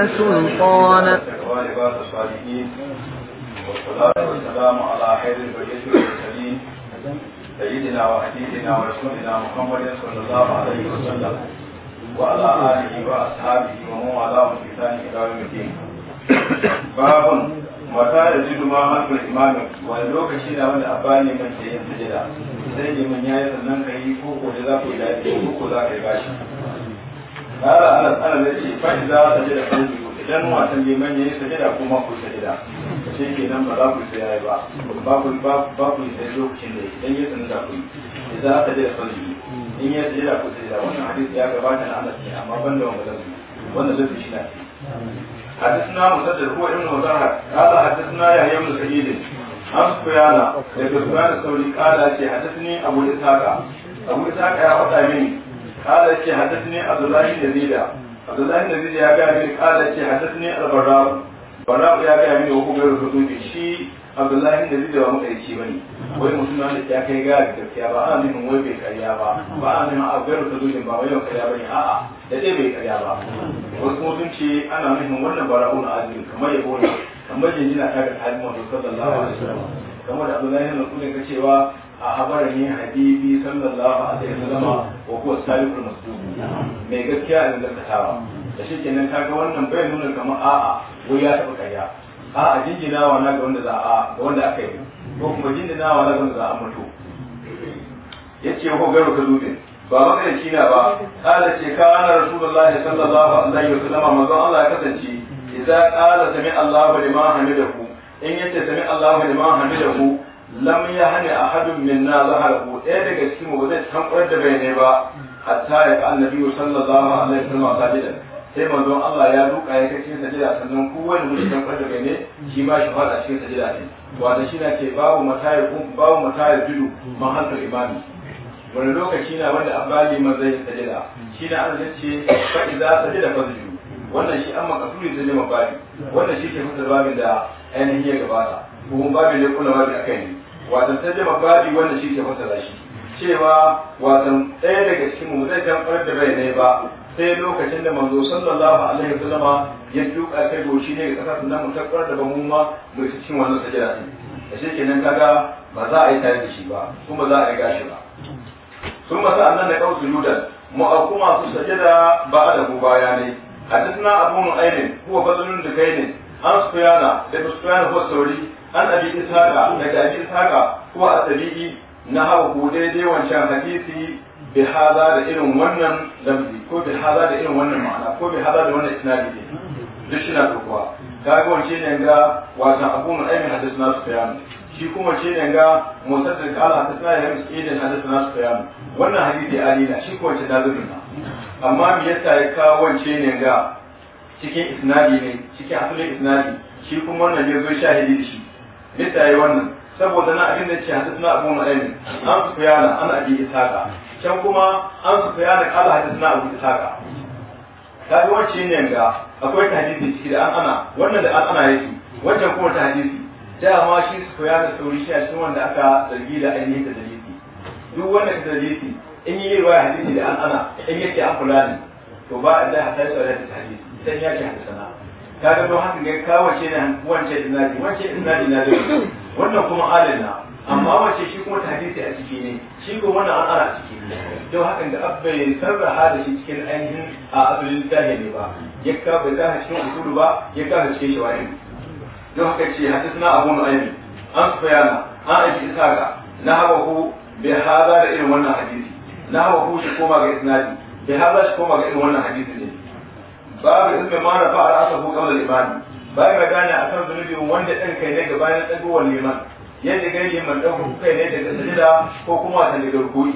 سلطانا وعباد الصالحين والصلاة والسلام على خير البرية والمرسلين سيدنا وحبيبنا ورسولنا محمد صلى الله عليه وسلم وعلى آله وأصحابه ومن والاه بإحسان إلى يوم الدين باب متى يزيد ما ملك الإمام ولوك شينا من أباني من سيد سجدا سيدي من يايز النمكي فوق وجزاك إلى فوق ذاك الباشا قال أنس أنا الذي فإذا سجد فانسجدوا idan wasan liman ya yi sajada ko ma ku sajada shi ke nan ba za ku sai yayi ba ba ku ba ku sai lokacin da idan ya sanin da ku idan sajada sanji in ya sajada ku sajada wannan hadisi ya gabata na Anas ne amma ban da wannan wannan zai shi na حدثنا مسدد هو ابن وزارة قال حدثنا يحيى بن سعيد عن سفيان لابن سفيان الثوري قال حدثني ابو اسحاق ابو اسحاق يا قطع قال كي حدثني عبد الله بن يزيد عبد الله بن يزيد يا جابر قال كي حدثني البراء براء يا جابر وهو غير الخطوب شي عبد الله بن يزيد ba makaici bane wai mutum da ya kai ga gaskiya ba ana nufin wai karya ba ba ana nufin a gairu ta zuciya ba wai yau karya bane a'a da dai bai karya ba wasu mutum ana nufin wannan bara'un azumi kamar ya gona kamar jinjina ta ga halin mutum sallallahu alaihi wasallam kamar da Abdullahi ne kullum cewa a habarin ni habibi sallallahu alaihi wa wasallam wa kuwa salihul masdud mai gaskiya da dakatawa da shi kenan kaga wannan bai nuna kamar a'a wai ya taba kaiya a'a jinjina wa na ga wanda za a ga wanda aka yi ko kuma jinjina wa na ga wanda za a mutu yace ko garo ka dube ba maka shi na ba kala ce ka kana rasulullahi sallallahu alaihi wa wasallam manzon Allah ya kasance sami idza qala sami'a Allahu liman hamidahu in yace sami'a ma liman hamidahu lam ya hani ahadun minna zaharahu ɗaya daga cikin ba zai tankwar da bai ne ba hatta ya ga annabi sallallahu alaihi wasallam sajidan sai manzon Allah ya duka ya kace sajida sannan wani mutum tankwar da bai ne shi ma shi fada cikin sajida ne wato shi na ce babu matayar babu matayar dudu man imani wani lokaci na wanda abali man zai sajida shi na Allah ce fa idza sajida fazju wannan shi amma kafuri zai ne mabari wannan shi ke fitar babin da ainihin ya gabata kuma babin ne kula babin akai ne ta jama babi wanda shi ke fassara shi cewa wasan ɗaya daga cikin mu zai damfar da bai ne ba sai lokacin da manzo sallallahu alaihi wasallama ya duka kai goshi ne ga kasa sannan mu tabbar da mu ma mu cikin wannan sajada ne shi kenan kaga ba za a yi tare shi ba kuma za a yi shi ba sun masa annan da kawo sujudan kuma masu sajada ba a da mu baya ne حدثنا da kai ne. An دكين عن da لأبو سفيان هو الثوري an abi ishaqa daga abi isaka kuma a tabii na hawa daidai wancan hadisi bi hada da irin wannan lamzi ko bi hada da irin wannan ma'ana ko bi hada da wannan isnadi ne duk shi na dokuwa kaga wance ne ga watan abu hadisi na su sufyan shi kuma ce ne ga musaddad qala hadisna ya hadisi na su sufyan wannan hadisi ali na shi ko wace dazu amma me yasa ya kawo wance ne ga cikin isnadi ne cikin asalin isnadi shi kuma wannan ya zo shahidi da shi yadda yi wannan saboda na abin da ce suna abu nu'aym an su sufyana an abi isaka can kuma an su kala qala suna abu isaka kaga wacce ne ga akwai ta hadisi ciki da an ana wannan da an ana yake wancan kuma ta hadisi dama shi su sufyana sauri shi a cikin wanda aka zargi da ainihin da dalili duk wanda ka dalili in yi riwaya hadisi da an ana in yake an fulani to ba a da hadisi da hadisi sai ya ce hadisana kaga don haka gai kawo ce da wancan iznadi wancan iznadi na zai wannan kuma alina amma wace shi kuma hadisi a ciki ne shi ko wannan an ara ciki ne don haka ga abbai sarraha hada shi cikin ainihin a asalin littafi ne ba ya ka da ta cikin usulu ba ya ka cikin shawarin don haka ce suna abu ainihin an bayana an na isaka ku bi hada da irin wannan hadisi na ku shi koma ga isnadi bi hada shi koma ga irin wannan hadisi ne babu ismi ma rafa ala asabu qabla al-iman bai a akan zunubi wanda ɗan kai ne gabanin tsagowar liman yadda gani liman ɗan kai ne daga sajida ko kuma ta daga rukuni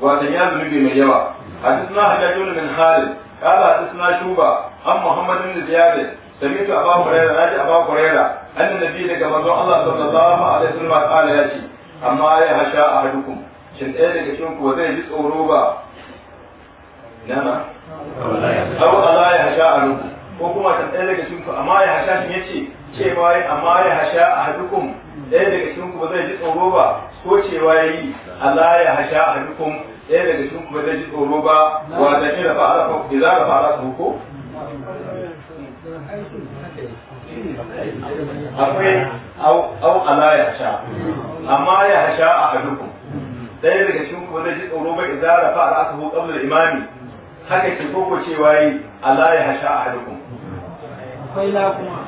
wato ya zunubi mai yawa hadisna hajjajun min halid qala hadisna shuba an a bin ziyad Na aba hurairah naji aba hurairah anna nabi daga manzon Allah sallallahu alaihi wasallam qala ya ce amma ya hasha ahadukum shin ɗaya daga cikin ku zai ji tsoro ba aw ala ya hasha alu ko kuma ta ɗaya daga cikin ku amma ya hasha shin ce? cewa yi amma ya hasha ahadukum ɗaya daga cikin ba zai ji tsoro ba ko cewa yi ala ya hasha ahadukum ɗaya daga cikin ba zai ji tsoro ba wa da kira fa ala ku idza ba ala ku ko akwai au ala ya hasha amma ya hasha ahadukum ɗaya daga cikin ba zai ji tsoro ba idza rafa ala ku qabla al imani. haka ke koko cewa yi Allah ya hasha a hadukun akwai la kuma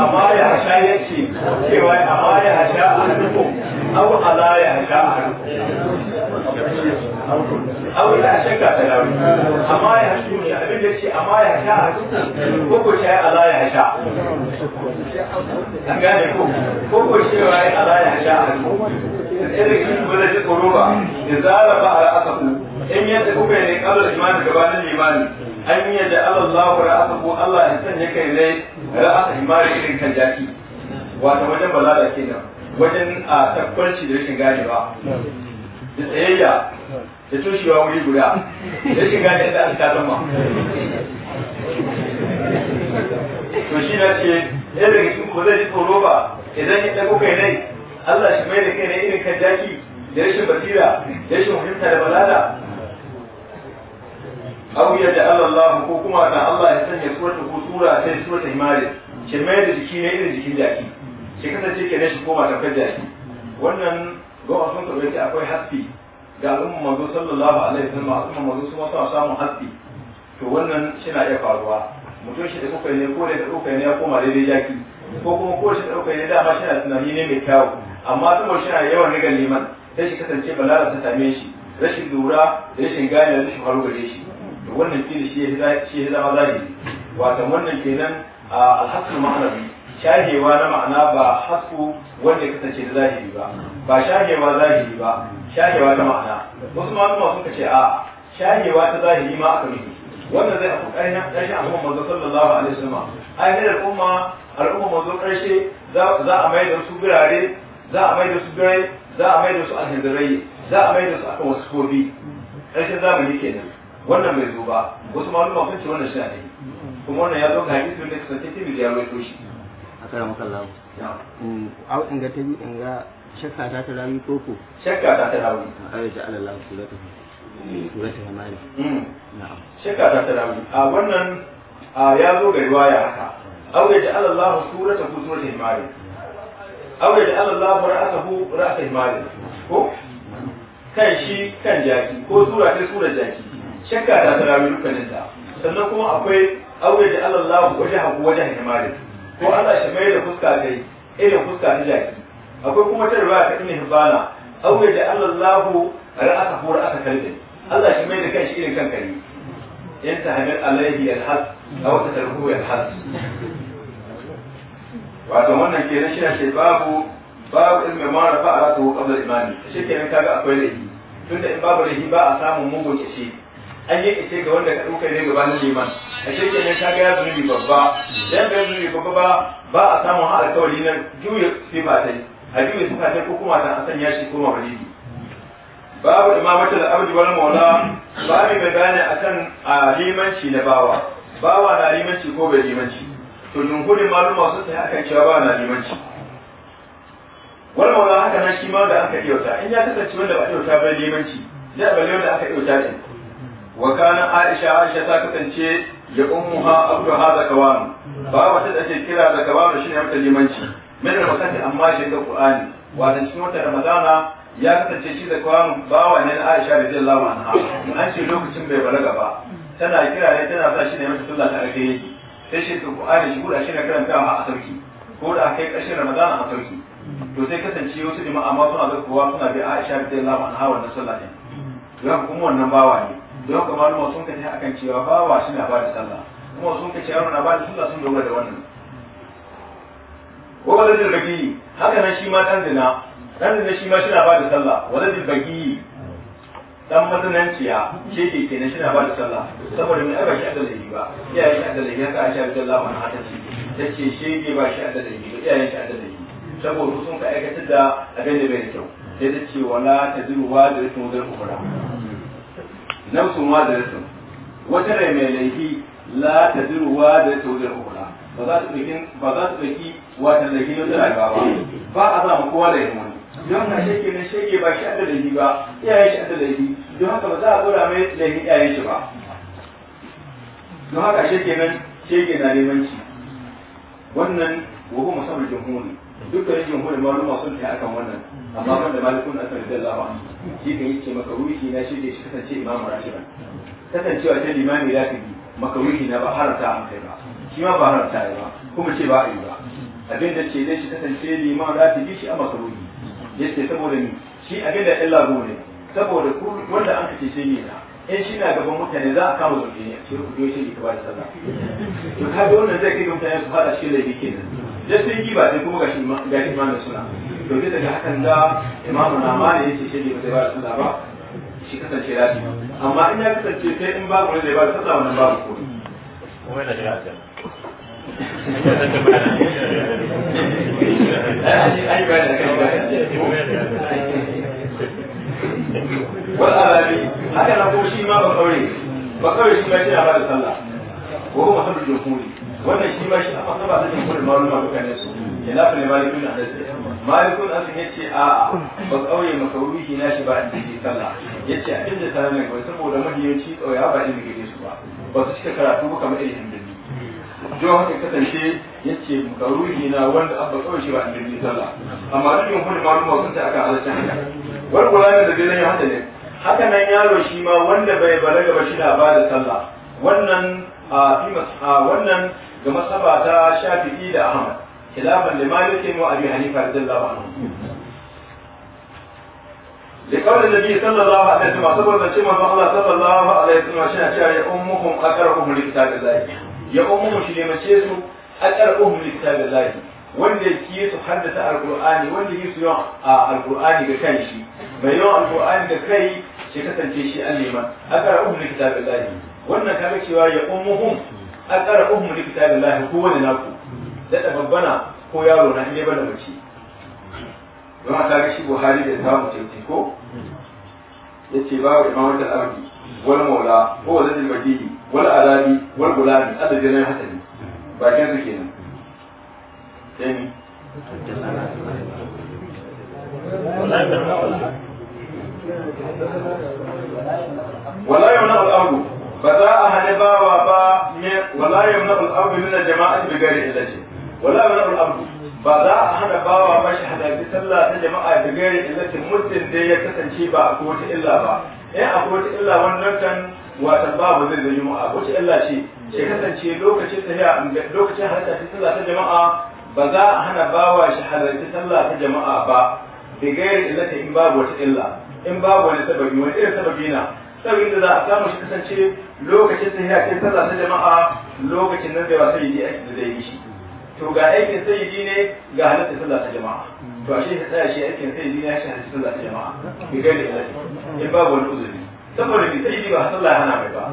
amma ya hasha ya ce cewa amma ya hasha a hadukun ala ya hasha a hadukun ta amma ya abin da ce amma ya hasha a hadukun koko ce ala ya hasha an gane ko koko ala ya hasha a hadukun irin shi ba zai ji tsoro ba ya zara ba a ra'asaku in yadda kuka ne kalar imani gabanin imani an yi yadda Allah wa ra'asaku Allah ya sanya kai ne ra'asa imani irin kan jaki wata wajen ba balaga kenan wajen a tabbarci da rashin gane ba da tsayayya da toshewa wuri guda rashin gane yadda aka zama to shi na ce yadda ga cikin ba zai ji tsoro ba idan ya ɗago kuka ne. Allah shi mai da kai ne irin kan jaki da rashin basira da rashin fahimta da balala abu ya da Allah ko kuma da Allah ya sanya surata ko sura sai surata himari shi mai da jiki ne irin jikin jaki shi kasance ke shi koma kan jaki wannan gawa sun karɓi ta akwai haski. ga al'umma manzo sallallahu alaihi wasallam al'umma manzo sun wasa samun haski. to wannan shi na iya faruwa mutum shi da kuka ne ko da kuka ne ya koma daidai jaki ko kuma ko shi ɗauka ne dama shi na tunani ne mai kyawu amma saboda shi na yawan riga liman da shi kasance balara ta same shi rashin lura da rashin gane da rashin faru gare shi to wannan fili shi ya zama zahiri wato wannan kenan alhassan ma'anabi shahewa na ma'ana ba hasku wanda ya kasance da zahiri ba ba shahewa zahiri ba shahewa na ma'ana wasu ma'anuma sun ce a shahewa ta zahiri ma aka nufi wannan zai abu kai na kai al'umma manzo sallallahu alaihi wasallam ai ne al'umma al'umma manzo karshe za a mai da su birare za a mai da su birai za a mai da su alhijirai za a mai da su aka wasu za mu yi kenan wannan bai zo ba wasu maluma sun ce wannan shi ne kuma wannan ya zo ga hadisi da kasance tibi da ya rawaito shi akan makallahu mm, au in ga tabi in ga shakka ta ta rawi koko shakka ta ta rawi ayyuka Allah ku zata suratul hamani hmm. na'am shakka ta tara a wannan ya zo ga riwaya haka aw ya ja'ala Allah suratahu suratul hamani aw ya ja'ala Allah ra'sahu ra'sul hamani ko kan shi kan jaki ko sura ta sura jaki shakka ta tara dukkanin ta sannan kuma akwai aw ya ja'ala Allah wajhahu wajhan hamani ko Allah shi mai da fuska kai irin fuska ta jaki akwai kuma ta riwaya ta ibn hibbana aw ya ja'ala Allah ra'sahu ra'sul kalbi Allah shi mai da shi irin kanka ne in ta hadar alaihi alhas a wata tarhu alhas wato wannan ke na shirya ce babu babu ilmi mara ba a rasu qabla imani shi kenan kaga akwai laifi tunda in babu laifi ba a samun mugun kishi an yi ishe ga wanda ka ɗauka ne gabanin liman a shi kenan ka ga ya zunubi babba dan ga zunubi babba ba ba a samun har alkawari na juya sifatai a juya sifatai ko kuma ta a sanya shi koma walidi babu imamatul abdi wal maula babu mai a kan limanci na bawa bawa na limanci ko bai limanci to jumhurin maluma sun sai akan cewa bawa na limanci wal maula haka na shi ma da aka kyauta in ya kasance wanda ba kyauta bai limanci ya balle wanda aka kyauta ne wa kana aisha aisha ta kasance ya ummuha da kawano ba bawa ta take kira da shi shine mata limanci min da makanta amma shi da qur'ani wa cikin wata ramadana ya kasance shi da kwanu bawa ne na Aisha radiyallahu anha an ce lokacin bai balaga ba tana kira ne tana sa shi ne mata sallah ta ake yi sai shi ku Qur'ani shi kuda shi ne karanta a sarki ko da kai ƙarshen Ramadan a sarki to sai kasance wasu jama'a ma suna kuwa suna bi Aisha radiyallahu hawa wannan sallah ne don kuma wannan bawa ne don haka wasu sun kace akan cewa bawa shi na bada sallah kuma sun kace yaro na bada sallah sun dogara da wannan ko da rabi haka nan shi ma dan zina dan da shi ma shi na ba da sallah waladil bagi dan mazinanciya shi ke kenan shi na ba da sallah saboda mai aka shi adalci ba iyayen shi adalci haka a shafi Allah wani hatar shi ce shi ke ba shi adalci ba iyayen shi adalci saboda sun ka aikatar da abin da bai da kyau sai ta ce wala ta zuru wa da rikin wajen kufura nafsun wa da rikin wata rai mai laifi la ta zuru wa da rikin wajen kufura ba za su ɗauki watan laifi wajen rayuwa ba ba a zama kowa da yi don haka shege na shege ba shi adda laifi ba iyaye shi adda laifi don haka ba za a dora mai laifin iyaye shi ba don haka shege nan shege na nemanci wannan wahu musamman jumhuri dukkanin jumhurin maluma sun ta akan wannan amma ban da malikun aka rida lawa shi kan ce maka ruhi na shege shi kasance imamu rashidan kasancewa ta limami ya fi maka ruhi na ba haramta an kai ba shi ma ba haramta ya ba kuma ce ba a yi ba abin da ce dai shi kasance liman za ta bi shi a maka ruhi yace saboda ni shi abin da illa ne saboda ku wanda an kace shi ne in shi na gaban mutane za a kama zuke ne a cikin ku shi ka ba da sallah to ka ga wannan zai kai mutane su fada cikin laifi kenan da sai yi ba sai kuma gashi gashi ma da suna to duk daga hakan da imamu na ma ne yace shi ne ba zai ba da sallah ba shi kasance rafi amma in ya kasance sai in babu wani zai ba da sallah wannan babu ko wai da jira ga والأبابي هذا نقول شيء ما بقولي بقولي شيء ما شيء أبدا صلى وهو مصدر الجمهور وأنا شيء ما شيء أصلا بعد الجمهور المعلومة كان يسوع خلاف لمالك بن أنس مالك بن أنس يتي آ بقولي مكروه شيء ناشي بعد الجمهور صلى يتي أبدا صلى الله عليه وسلم ولا ما هي شيء أو يا بعد الجمهور سوا بس كذا كلام كم إلهم don haka kasance ya ce makaruhi na wanda an ba kawai shi ba annabi sallah amma duk yin kuma maluma sun ta aka halarci haka wani gulanin da bai haka ne haka nan yaro shi ma wanda bai balaga ba shi da ba da sallah wannan a fi wannan ga masaba ta shafi'i da ahmad khilafan da malikin wa abi hanifa radiyallahu anhu لقول النبي صلى الله عليه وسلم صبر من شمال الله صلى الله عليه وسلم شاء يا أمكم أكرهكم لكتاب الله ya umumu shi nemace su a aqrabuhum Lahi wanda yake su haddasa alqur'ani wanda yake su yi yawan alqur'ani ga kai shi mai yawan alqur'ani da kai shi kasance shi a alliman aqrabuhum Lahi wannan kaga cewa ya a umuhum aqrabuhum Lahi ko wani naku da babbana ko yaro na iya bada mace don haka ga shi Buhari da samu tauti ko ya ce yace babu imamul ardi wani maula ko wal madini wal alabi wal adadin nan hasali bakin su wala yamna al ba za a ba wala yamna al ardu ba za a hana bawa ba shi sallah ta jama'a da gairin illace muddin da ya kasance ba a kowace illa ba in a kowace illa wannan kan watan babu zai zai juma'a wace Allah ce ke kasance lokacin tafiya lokacin halarta ta sallah ta jama'a ba za a hana bawa shi halarci sallah ta jama'a ba da gairi illata in babu wata illa in babu wani sababi wani irin sababi na sababi da za a samu shi kasance lokacin tafiya ta sallah ta jama'a lokacin nan da ba sai yi aiki da zai yi shi to ga aikin sayyidi ne ga halarci sallah ta jama'a to a ya ta shi aikin sayyidi ne ya shi halarta sallah ta jama'a da gairi illata in babu wani uzuri saboda bi sai ba sallah hana mai ba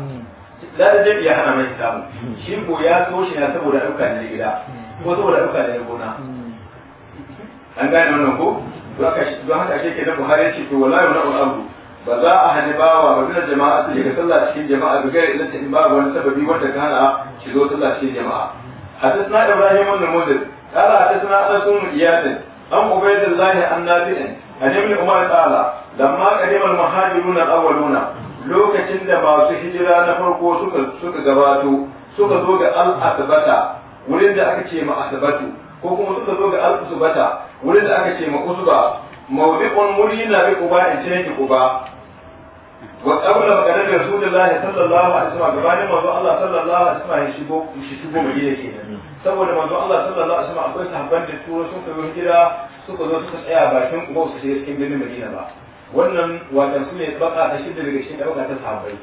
da da jami'a hana mai samu shi ko ya so shi na saboda dukkan da gida ko saboda dukkan da gona hmm. an gane wannan ko don haka shi ke da Buhari ya ce to wala wannan na'ul abu ba za a hana wa ba minar jama'a su daga sallah cikin jama'a ga gari idan ta in babu wani sababi wanda ka hana shi zo sallah cikin jama'a حدثنا na ibrahim مدر قال حدثنا انس na اياد عن an الله an nabi'in عن ابن عمر قال lamma qadimal muhajiruna al-awwaluna lokacin da masu hijira na farko suka suka gabato suka zo ga al-asbata wurin da aka ce ma asbatu ko kuma suka zo ga wurin da aka ce ma usba mawdi'un murina bi quba in ce ki quba wa qabla maganar rasulullah sallallahu alaihi wasallam gabanin manzo Allah sallallahu alaihi wasallam shigo kenan saboda manzo Allah sallallahu alaihi wasallam akwai sahabban da turo sun kai hijira suka zo suka tsaya bakin quba su shiga cikin birnin madina ba wannan watan su ne baka ta shidda daga cikin baka ta sahabbai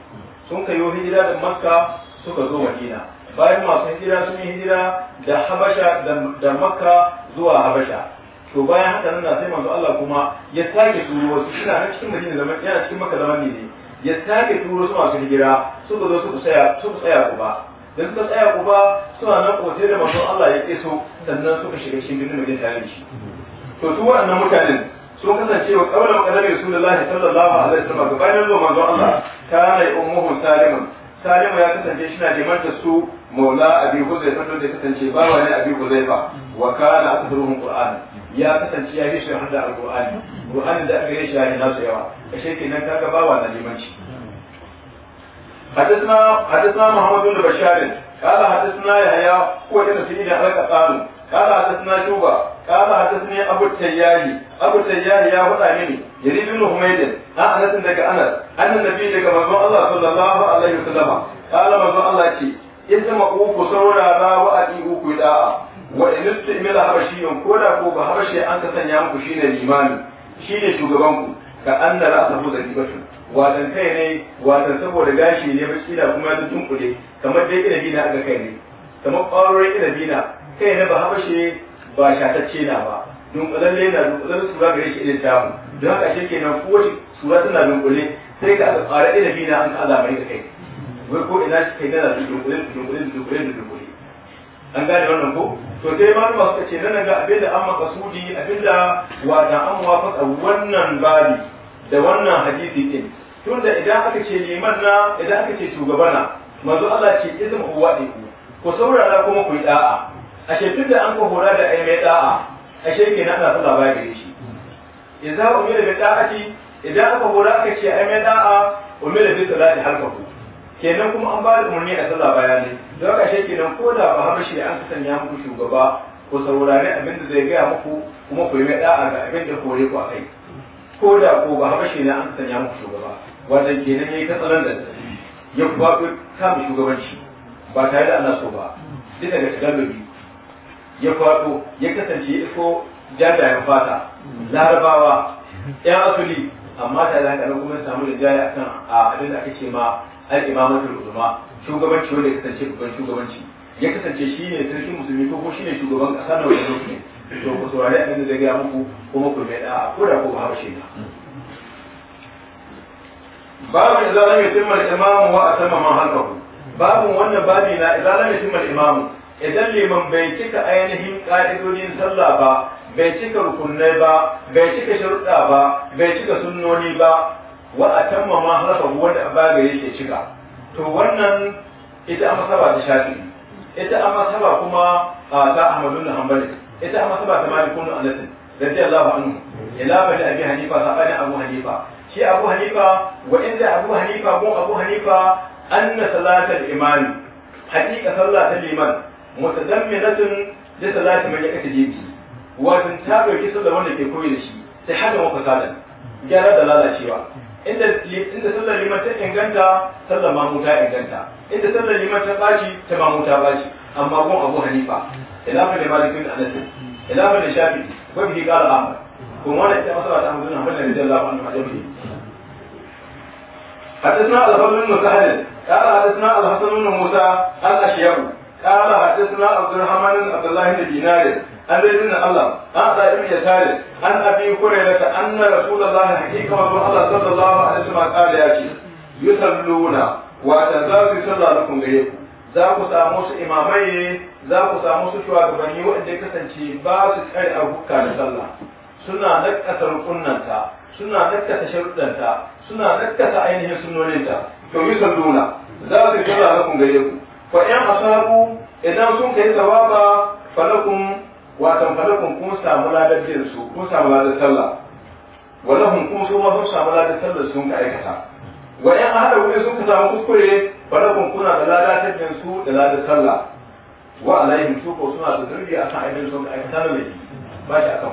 sun kayo hijira da makka suka zo madina bayan masu hijira sun yi hijira da habasha da makka zuwa habasha to bayan haka nan sai manzo Allah kuma ya sake turo wasu suna nan cikin madina zaman yana cikin makka zaman ne ya sake turo su masu hijira suka zo suka tsaya suka tsaya kuma dan suka tsaya kuma suna nan kotai da manzo Allah ya keso sannan suka shiga cikin madina tare da shi to su wannan mutanen sun kasance wa kawai makadar rasulullahi sallallahu alaihi wasallam ga bayan zuwa manzon Allah kana ummuhu salimun Salima ya kasance shi na limanta su maula abi huzaifa da kasance bawa ne abi huzaifa wa kana aktharuhum qur'an ya kasance ya hishin hada alqur'ani qur'ani da aka yi ya nasu yawa ashe kenan kaga bawa na limanci حدثنا حدثنا محمد بن بشار قال حدثنا يحيى هو ابن سعيد قال قال حدثنا شوبة قال حدثني أبو التياري أبو التياري يا فدا مني يريد بن حميد عن أنس دك أنس أن النبي دك مزون الله صلى الله عليه وسلم قال مزون الله شيء إذا ما أوكو سورة لا وأدي أوكو داء وإن استعمل حبشي كودا كوب حبشي أنت shugaban ku. الإيمان شين شوغبانكو كأن رأسه ذكي watan kai ne watan saboda gashi ne shi da kuma ya kamar dai inabi na aka kai ne kamar ƙwarorin inabi na kai na ba habashe ba shatacce na ba dunkulalle na dunkulallen sura gare shi irin tamu don haka ke nan kowace sura tana dunkule sai ka tsara fi na an ka alamari da kai wai ko ina shi kai gana dunkule dunkule dunkule dunkule an gane wannan ko to sai ma ba su ce nan ga abinda an sudi abinda wa da an wafaka wannan babi da wannan hadisi din tunda idan aka ce liman na idan aka ce shugabana manzo Allah ce izmu wa ku saurara kuma ku yi da'a ashe tun da an kuma da ai mai da'a ashe kenan ana son labari shi idza umira da'a da'ati idan aka hura aka ce ai mai da'a umira bi salati halqahu kenan kuma an ba da umarni a sallah ne don haka ashe kenan ko da ba habashi an sanya muku shugaba ko saurari abin da zai gaya muku kuma ku yi mai da'a ga abin da kore ku a kai. ko da ko ba shi ne an sanya muku shugaba wannan kenan yayi ta tsaron da ya ku ba ku kama shugabanci ba tare da ana so ba duk daga biyu ya faɗo ya kasance ya isko jajayen fata larabawa yan asuli amma da ya nan kuma samu da jaya akan abin da aka ce ma al-imamatul ulama shugabanci wanda ya kasance babban shugabanci ya kasance shi ne sarkin musulmi ko shi ne shugaban ƙasa na wajen musulmi to ku saurari abin da zai gaya muku kuma ku mai da'a ko da ko ba habashe ba babu idan lam yutimma al-imamu wa atamma man halqahu babu wannan babi na idan lam yutimma al-imamu idan liman bai cika ainihin ƙa'idodin sallah ba bai cika rukunai ba bai cika sharuɗa ba bai cika sunnoni ba wa a tamma ma halafa wanda ba ga yake cika to wannan ita a masaba ta shafi ita a masaba kuma ta ahmadu bin hanbali ita a masaba ta malikun anas radiyallahu anhu ila bani abi hanifa sabanin abu hanifa shi abu hanifa wa inda abu hanifa gun abu hanifa anna salatal imani haqiqa sallatal liman mutadamminatun da salati man yakata jibi wajen ta dauki sallar wanda ke koyi da shi sai hada wa fasada gyara da lalacewa inda sallar liman ta inganta sallar mamu ta inganta inda sallar liman ta baci ta mamu ta baci amma gon abu hanifa ilafa da malikin anas ilafa da shafi wa bihi qala ahmad kuma da حدثنا الفضل بن سهل قال حدثنا الحسن بن موسى الاشياء قال حدثنا عبد الرحمن بن عبد الله بن دينار عن زيد بن الله عن ابن يسار عن ابي هريره ان رسول الله حقيقه وقال الله صلى الله عليه وسلم قال يا شيخ يصلون وتزاوي صلى لكم غيركم za ku samu su imamai ne za ku samu su shugabanni waɗanda kasance ba su tsare abubuwa da sallah suna nakkata rukunanta suna nakkata sharuɗanta suna nakkata ainihin sunnoninta to yi salluna za su gare ku fa in asabu idan sun kai sawaba falakum watan falakum kun samu ladar su kun samu ladar sallah walahum kun su ma sun samu ladar sallah sun ka aikata wa in hada wuri sun ka samu kuskure falakum kuna da ladar jin su da ladar sallah wa alaihim su ko suna da a akan aibin sun ka aikata da mai ba shi akan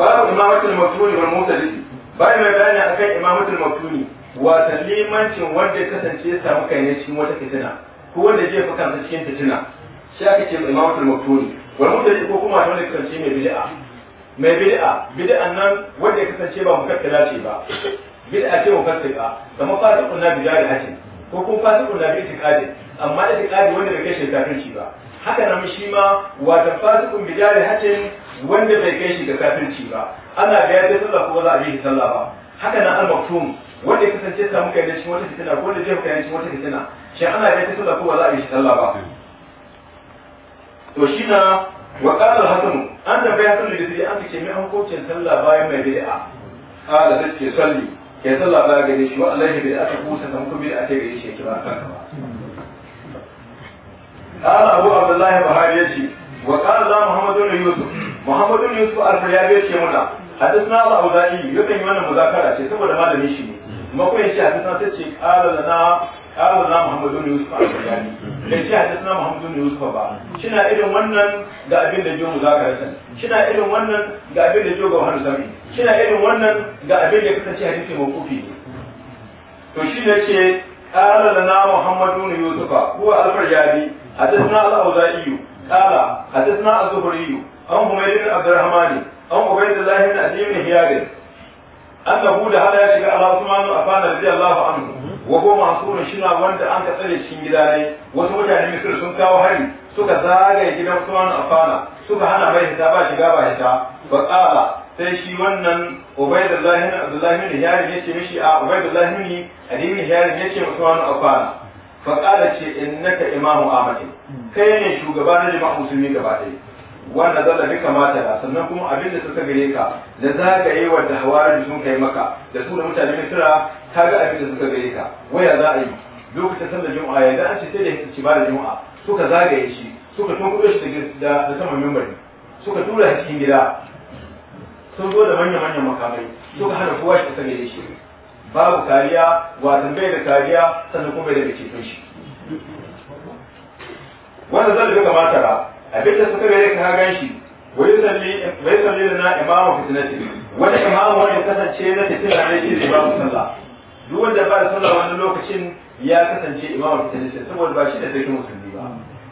babu imamatul maktuni wal mutadidi bai mai bayani akan imamatul maktuni wata limancin wanda ya kasance ya samu kai cikin wata fitina ko wanda zai fi kansa cikin fitina shi aka ce imamatul maktuni wal mutadi ko kuma wanda ya kasance mai bid'a mai bid'a bid'an nan wanda ya kasance ba mukaddala ce ba bid'a ce mukaddala kamar fasiqun na bijari hatin ko kuma fasiqun na bi'tiqadi amma da tiqadi wanda bai kai shi da kafirci ba haka nan shi ma wata fasikun bijari hatin wanda bai kai shi ga kafirci ba ana ga yadda sallah ko za a bi sallah haka nan al-maktum wanda ya kasance samu kai da shi wata fitina ko da jefa kai shi wata fitina shi ana ya ta da kowa za a yi shi sallah ba to shi na wa qala al an da bai hasan da sai an ce mai kocin sallah bayan mai bid'a qala da ke salli ke sallah ba gare shi wa Allah bid'a ta kusa san ku bid'a ta gare shi ya kira kanka ba قال أبو عبد الله بهاري وقال لا محمد yakan yi muzakara مذاكرة saboda mallamin shi ne makwai shi hadisna ta ce ƙara na ƙara na muhammadu ne yusuf a shirani da ce shi hadisna muhammadu ne yusuf ba shina irin wannan ga abin da za jiyo muzakarasan shina irin wannan ga abin da jiyo ga wahanu sami shina irin wannan ga abin da kasance hadisi mawkufi ne to shi ne ce ƙara na muhammadu ne yusuf ko alfarjani hadisna al'auza'iyu ƙara hadisna az-zuhriyu an humaydin abdurrahmani an ubaydullah ibn adim ibn hiyadin annahu da hada ya shiga ala usman afan radiyallahu anhu mhm. wa go mansur shina wanda an ka tsare cikin gida ne wasu mutane misir sun kawo hari suka zagaye gidan usmanu afana suka hana bai ta, ba shiga ba hita fa qala sai shi wannan ubaydullah ibn abdullah ibn hiyar yace mishi a ubaydullah ibn ali ibn hiyar yace usmanu afana fa qala ce innaka imamu amati mhm. kai ne shugaba na jama'a musulmi gaba ɗaya Wannan nazala bika mata da sannan kuma abin da suka gare ka da za ka yi wa da hawari sun kai maka da su da mutane misra ga abin da suka gare ka waya za a yi lokacin sallar juma'a ya da ce sai da hikici ba da juma'a suka zagaye shi suka tunkuɗe shi da da saman mimbari suka tura shi cikin gida sun zo da manyan manyan makamai suka hana kowa shi gare shi babu kariya watan bai da kariya sannan kuma bai da ceton shi wanda zan duka matara abin da suka gare ka gan shi wai salli da na imamu fitinati wani imamu wani kasance na fitina ne shi ba mu sanza duk wanda ba da sallah wani lokacin ya kasance imamu fitinati saboda ba shi da sarki musulmi ba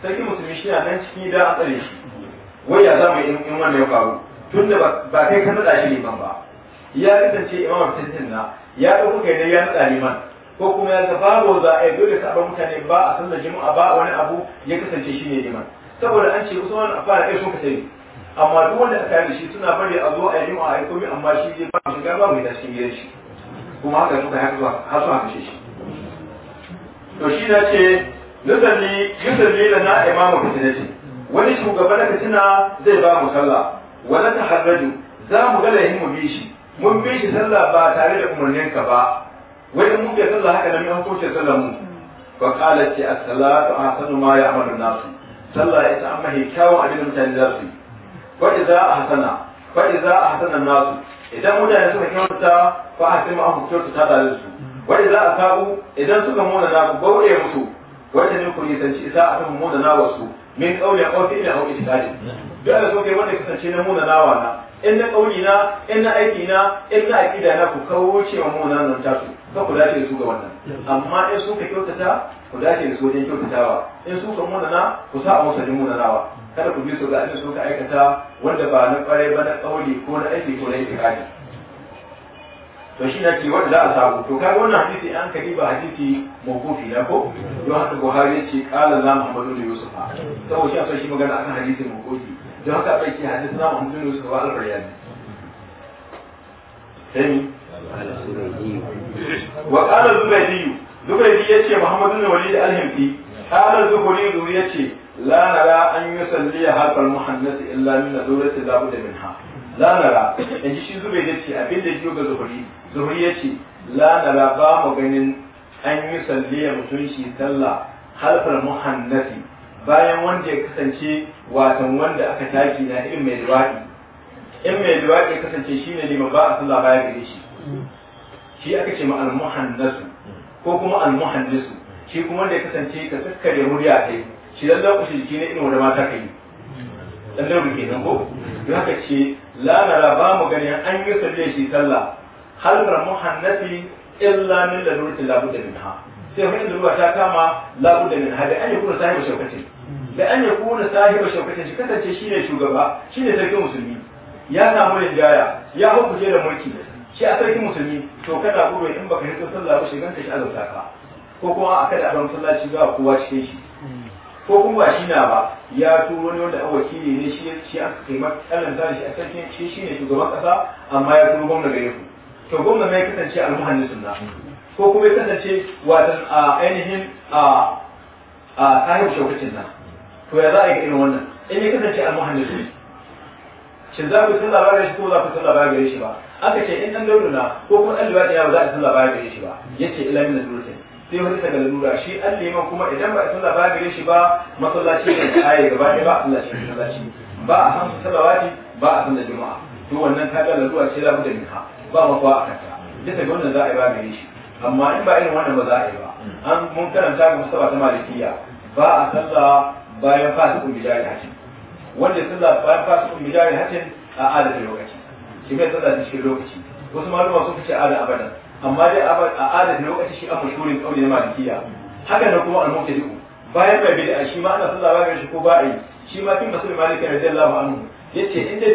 sarki musulmi shi na nan ciki da a tsare shi wai ya zama in wannan ya faru tun da ba kai ka nada shi liman ba ya kasance imamu fitinati na ya dauko kai ne ya nada liman ko kuma ya zaba babu za a yi dole ka mutane ba a sallar jima'a ba wani abu ya kasance shi ne liman saboda an ce usman a fara sun ka sai amma duk wanda aka yi shi suna bari a zo a yi a yi komi. amma shi zai ba shi gaba mai cikin gidan shi kuma haka suka haka zuwa har suka kashe shi to shi na ce yusalli yusalli na imamu fitinati wani shugaba na fitina zai ba mu sallah wala taharraju za mu ga lahi mu bi shi mun bi shi sallah ba tare da umarnin ka ba wai mun bi sallah haka da mun hukunce sallah mu fa qalat ya as-salatu ahsanu ma ya'malu nasu sallah ita amma kyawun abin mutane za su yi a idza ahsana fa a ahsana nasu idan mutane suka kyauta fa ahsim an kyauta ta da su wa a asabu idan suka mona na ku gaure musu wanda ne ku nisanci isa a kan mona na wasu min qawli aw fi'li aw ijtihadi duk da soke wanda kasance na mona na na in na kauli na in na aiki na in na aqida na ku kawo cewa mona nan su. kan ku dace da su ga wannan amma in sun ka kyautata ku dace da su wajen kyautatawa in sun ka munana ku sa a musalin munanawa kada ku bi su ga abin sun ka aikata wanda ba na kwarai ba na kauli ko na aiki ko na itikadi to shi nake wanda za a samu to kaga wannan hadisi an kari ba hadisi mawqufi na ko don haka Buhari yace qala la Muhammadu da Yusufa? saboda shi a shi magana akan hadisi mawqufi don haka bai ce hadisi na Muhammadu da Yusuf al-Bayyani sai وقال الزبيدي زبيدي يشي محمد بن وليد الهمتي قال الزبيدي يشي zuhuri نرى أن يسلي an yusalli إلا من دولة illa min dawlati la budda minha la nara in shi zubaydi yace abinda jiyo ga zuhuri zuhuri yace la nara ba mu ganin an yusalli sallah bayan wanda ya kasance watan wanda aka taki na irin mai liwaɗi in mai ya kasance shi ne ba a sallah baya gare shi shi aka ce ma almuhannasu ko kuma almuhannisu shi kuma da ya kasance ka tsakkare murya kai shi dan lokacin shi jiki ne irin wanda mata kai dan da muke nan ko don haka ce la nara ba mu ganin an yi sabiyar shi sallah halbar muhannasi illa min lalurati da minha sai wani da ruwa ta kama labudda minha da an yi kuna sahiba shaukatin da an yi kuma sahiba shaukatin shi kasance shi ne shugaba shi ne sarkin musulmi ya samu rinjaya ya hukuce da mulki shi a sarki musulmi to kada guro in baka hito sallah ba shigan ka shi azabta ka ko kuma a kada abin masallaci ba kowa cikin shi ko kuma ba shi na ba ya turo ne wanda an wakili ne shi shi aka kai matsalan da shi a sarki shi shi ne shugaban kasa amma ya turo gwamna gare ku to gwamna mai kasance almuhannin sunna ko kuma ya kasance watan a ainihin a a sahib shaukacin nan to ya za a yi irin wannan in ya kasance almuhannin sunna shin za mu sallah labarin shi ko za ku sallah labarin gare shi ba aka ce in dan na ko kuma dan liwadi ba za a sallah labarin gare shi ba yace ila min durtin sai wani daga lura shi an liman kuma idan ba a sallah labarin gare shi ba masallaci ne ayi gaba ɗaya ba Allah shi masallaci ba a san salawati ba a san da juma'a to wannan ta ga lura ce mu da minha ba ma kuwa akan ta bisa ga wannan za a yi ba gare shi amma in ba irin wannan ba za a yi ba an mun karanta ga musaba ta malikiya ba a sallah bayan fasikun bijari hakim wanda sallah bayan fasu kun bijarin hatin a adadin lokaci shi mai sallah cikin lokaci wasu malumma sun fice ada abadan amma dai a adadin lokaci shi an mashhurin kauli da malikiya haka da kuma al-mubtadi bayan mai bid'a shi ma ana sallah bayan shi ko ba a yi shi ma kin masul malika radiyallahu anhu yace inda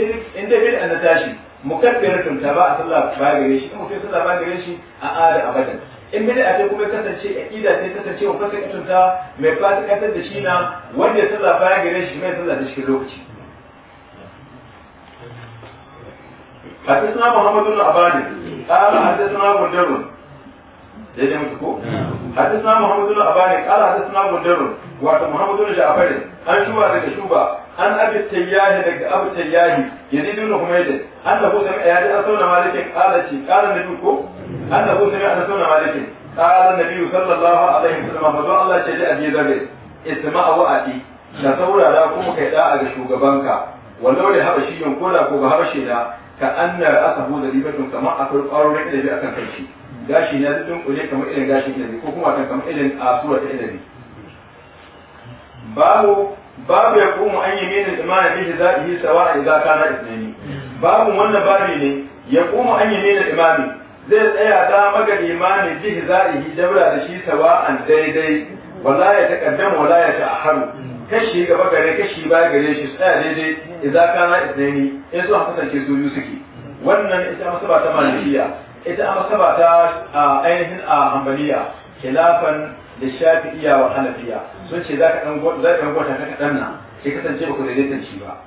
inda bid'a na tashi mukabbiratun ta ba a sallah bayan gare shi kuma sai sallah bayan gare shi a ada abadan in bai a kuma kasance a ƙida ta kasance a kasa mutunta mai fasikantar da shi na wanda ya zaba ya gare shi mai zaza da shi lokaci a tsina muhammadu na abani ƙara a tsina mudarun daidai mutu ko hadisna muhammadu bin abani qala hadisna mudarrun wato muhammadu bin ja'far an shuba daga shuba an abi tayyahi daga abu tayyahi yazid bin humayd annahu sami ayati asuna malikin qala ci qala nabi ko an annahu sami asuna malikin qala nabi sallallahu alaihi wasallam fa Allah ce da abi zabe isma'a wa ati da saurara kuma kai da'a ga shugabanka walau da habashi yin kola ko ba habashi da ka anna asahu da libatun kama akwai ƙwarorin ilimi akan kai shi gashi na dukkan kure kamar irin gashin inabi ko kuma kan kamar irin a sura ta inabi babu babu ya kuma an yi mini imana bihi za yi sawa a ka kana isnani babu wannan babi ne ya kuma an yi mini imami zai tsaya da maka imani bihi za yi dabra da shi sawa an daidai wala ya taqaddama wala ya ta'akhkharu kashi gaba gare kashi ba gare shi tsaya daidai idza kana isnani in su haka take su suke wannan ita masaba ta malikiya ita a masaba ta ainihin a hambaliya khilafan da shafi'iya wa hanafiya sun ce za ka dan za ka gwata ka kadan nan sai kasance ba ku daidaita shi ba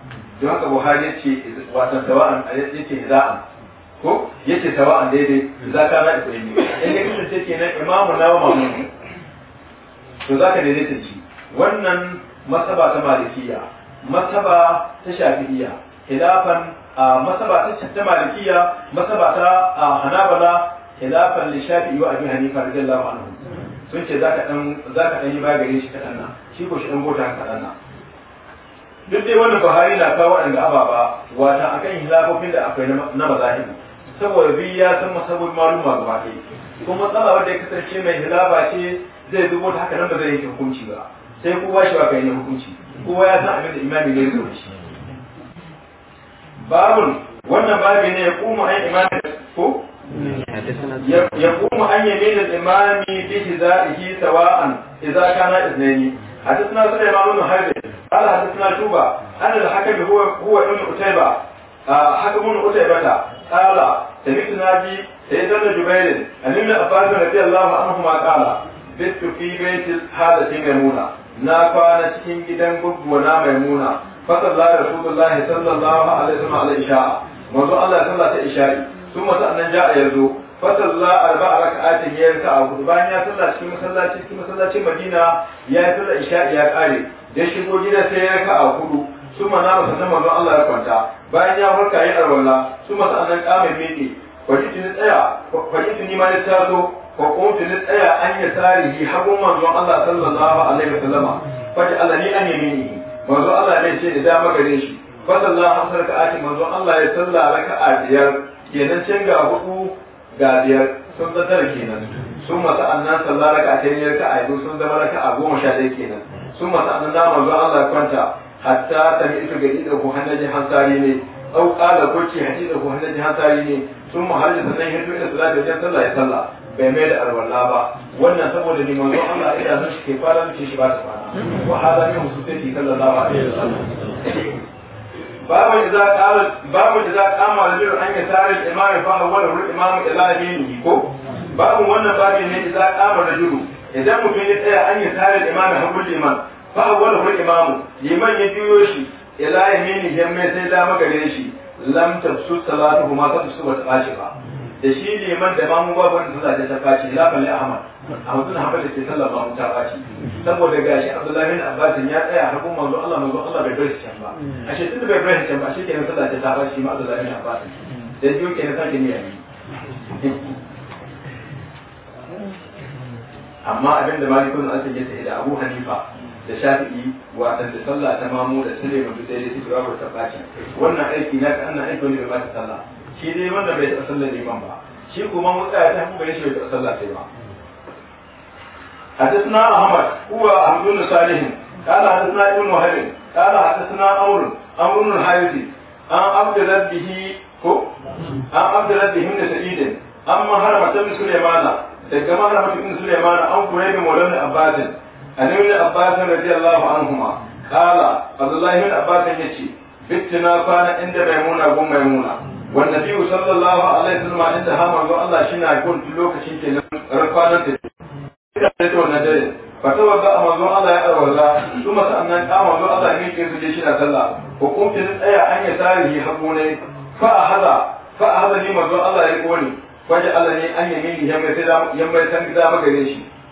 don haka buhari yace ce wato sawa'an yace hiza'an ko yace tawa'an daidai za ka na yi in ya kasance kenan imamu na wa to za ka daidaita shi wannan masaba ta malikiya masaba ta shafi'iya khilafan masaba ta ta malikiya masaba ta hanabala khilafan li shafi wa abi hanifa radiyallahu anhu sun ce zaka dan zaka dan yi bagare shi kadan na shi ko shi dan bota kadan na duk dai wannan bahari na kawo waɗanda ababa wata akan hilafofin da akwai na mazahibi saboda biyu ya san masabul maluma gaba ɗaya kuma matsala wanda ya kasance mai hilaba ce zai dubo ta haka nan ba zai yanke hukunci ba sai kowa shi ba kai ne hukunci kowa ya san abin da imami ne zai shi babun wannan babi ne ya kuma an imani ko ya kuma an yi mai da imani bi shi za a yi tawa'an idan kana a duk suna suna imanu nun ala a duk suna tuba ana da haka bi huwa ɗin utai ba a haka ala da mitu na bi da ya zanna jubairin a nuna a fasin rafi allah an kuma kala bitu fi bai ta mai muna na kwana cikin gidan gudu na mai muna fasalla rasulullahi sallallahu alaihi wasallam ala isha manzo Allah sallah ta isha'i sun mata annan ja'a yazo fasalla arba'a raka'atin ya yarka a hudu bayan ya sallah cikin masallaci cikin masallacin Madina ya yi sallah isha'i ya kare da shigo gida sai ya yarka a hudu sun mana ba sannan manzo Allah ya kwanta bayan ya farka ya arwala sun mata annan kamin miƙe fajitu ni tsaya fajitu ni ma ya taso wa kuntu tuni tsaya an ya tarihi hagun manzon Allah sallallahu alaihi wa sallama faji Allah ni an yamini manzo Allah ne ce da dama gare shi fadallahu an ka ati manzo Allah ya salla a biyar kenan can ga hudu ga biyar sun zama kenan sun mata annan salla raka ta biyar ka ayu sun zama a goma sha ɗaya kenan sun mata annan da manzo Allah kwanta hatta ta yi ita gari da kuhannaji hansari ne au kala ko ce hadisi da hansari ne sun muhalli sannan ya hito ila da jan ya salla bai mai da alwala ba wannan saboda ne manzo Allah idan zan shi ke fara mace shi ba ta fara wa hada ne min husufi sallallahu alaihi wasallam babu idza qala babu idza qama al-bir an yasari al-imam fa huwa al-imam ilahi dinihi ko babu wannan babu ne idza qama rajulu idan mutum ya tsaya an yasari al-imam habbul iman fa huwa al-imam liman yajiyo shi ilahi yamini jamma sai da magare shi lam tafsu salatu ma tafsu ba ta ba da shi liman da bamu babu wanda sallah ta faci la balli ahmad a ahmad bin da ke sallar mamu ta faci saboda gashi abdullahi bin abbas ya tsaya har kuma manzo Allah manzo Allah bai bari can ba shi tunda bai bari can ba ashe kenan sallah ta faci ma abdullahi bin abbas dan biyu kenan sake niyya amma abin da malikun asali ya tsaye da abu hanifa da shafi'i wa da sallah ta mamu da sirri duk da ya ce babu ta faci wannan aiki na ka annan aiki ne ba ta sallah shi ne wanda bai taɓa sallar liman ba shi kuma mutsa ta kuma bai shi bai taɓa sallar sai ba حدثنا أحمد هو أحمد بن صالح قال حدثنا ابن وهب قال حدثنا أمر أمر بن الحارث ko? عبد ربه عن عبد ربه بن سعيد أما هرمة بن سليمان daga mahramatu ibn Sulaiman an koyi da Maulana Abbas an ibn Abbas a anhuma qala Abdullah ibn Abbas yace bittina kana inda Maimuna gun Maimuna والنبي صلى الله عليه وسلم عند هامر الله شنا يقول لوك شيء رفانا فتوضا منذ الله يا الله ثم سالنا قام منذ الله يمين كيف يجي شنا صلى وقمت نتايا عن يساره حبوني فاخذ فاخذ لي منذ الله يقولني وجعلني ان يميني يم يسند دام غريش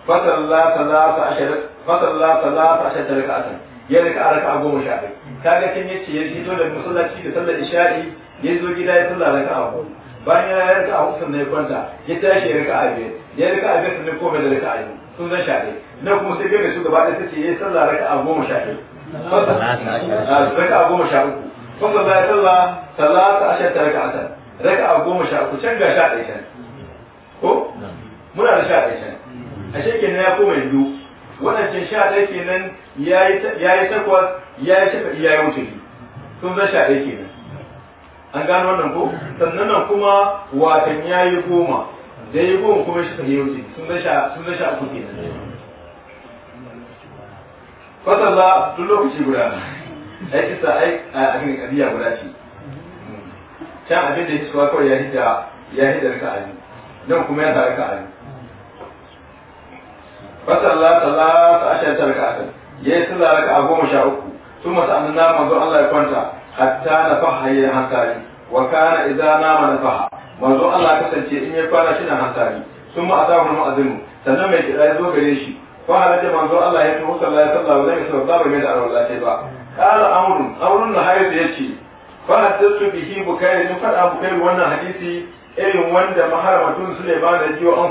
فصلى ثلاث عشرة فصلى ثلاث عشرة ركعة يلك أركع أبو مشاهد kaga kin yace ya fito da masallaci da sallar isha'i ya zo gida ya sallar raka'a hudu bayan ya raka a hukun na ya kwanta ya tashi ya raka a biyar ya raka a biyar sannan ko bai da raka a sun zan shaɗe na kuma sai bai su gaba da sai ce ya sallar sallah raka goma sha ɗaya raka a goma sha uku kun ga bayan sallah sallah ta ashar ta raka asar raka a goma sha uku can ga sha ɗaya can ko muna da sha ɗaya can a shekin na ya koma yanzu waɗancan sha ɗaya kenan ya yi takwas ya yi shafa'i ya yi sun zai sha ɗaya kenan an gano wannan ko sannan nan kuma watan ya yi goma da ya yi goma kuma shi sahiya wuce sun zai sha sun zan sha uku kenan fasar za tun lokaci guda ai kisa ai a abin kadiya guda ce can abin da ya ci kawai ya hita ya hita rika ali nan kuma ya sa ka ali fasar za ta za ta ashe ta rika asali ya yi sallah raka a goma sha uku sun masu annan nama zuwa Allah ya kwanta hatta na faha ya yi hankali wa kana idza nama na faha manzo Allah ya kasance in ya fara shi na hankali sun ma mu mu'azzinu sannan mai kira ya zo gare shi fa halatta manzo Allah ya tuhu sallah ya sallah wala ya sallah ba mai da Allah sai ba qala amru amrun na hayar da yace fa hadattu bihi bukai in abu kai wannan hadisi irin wanda maharamatun ba da jiwa an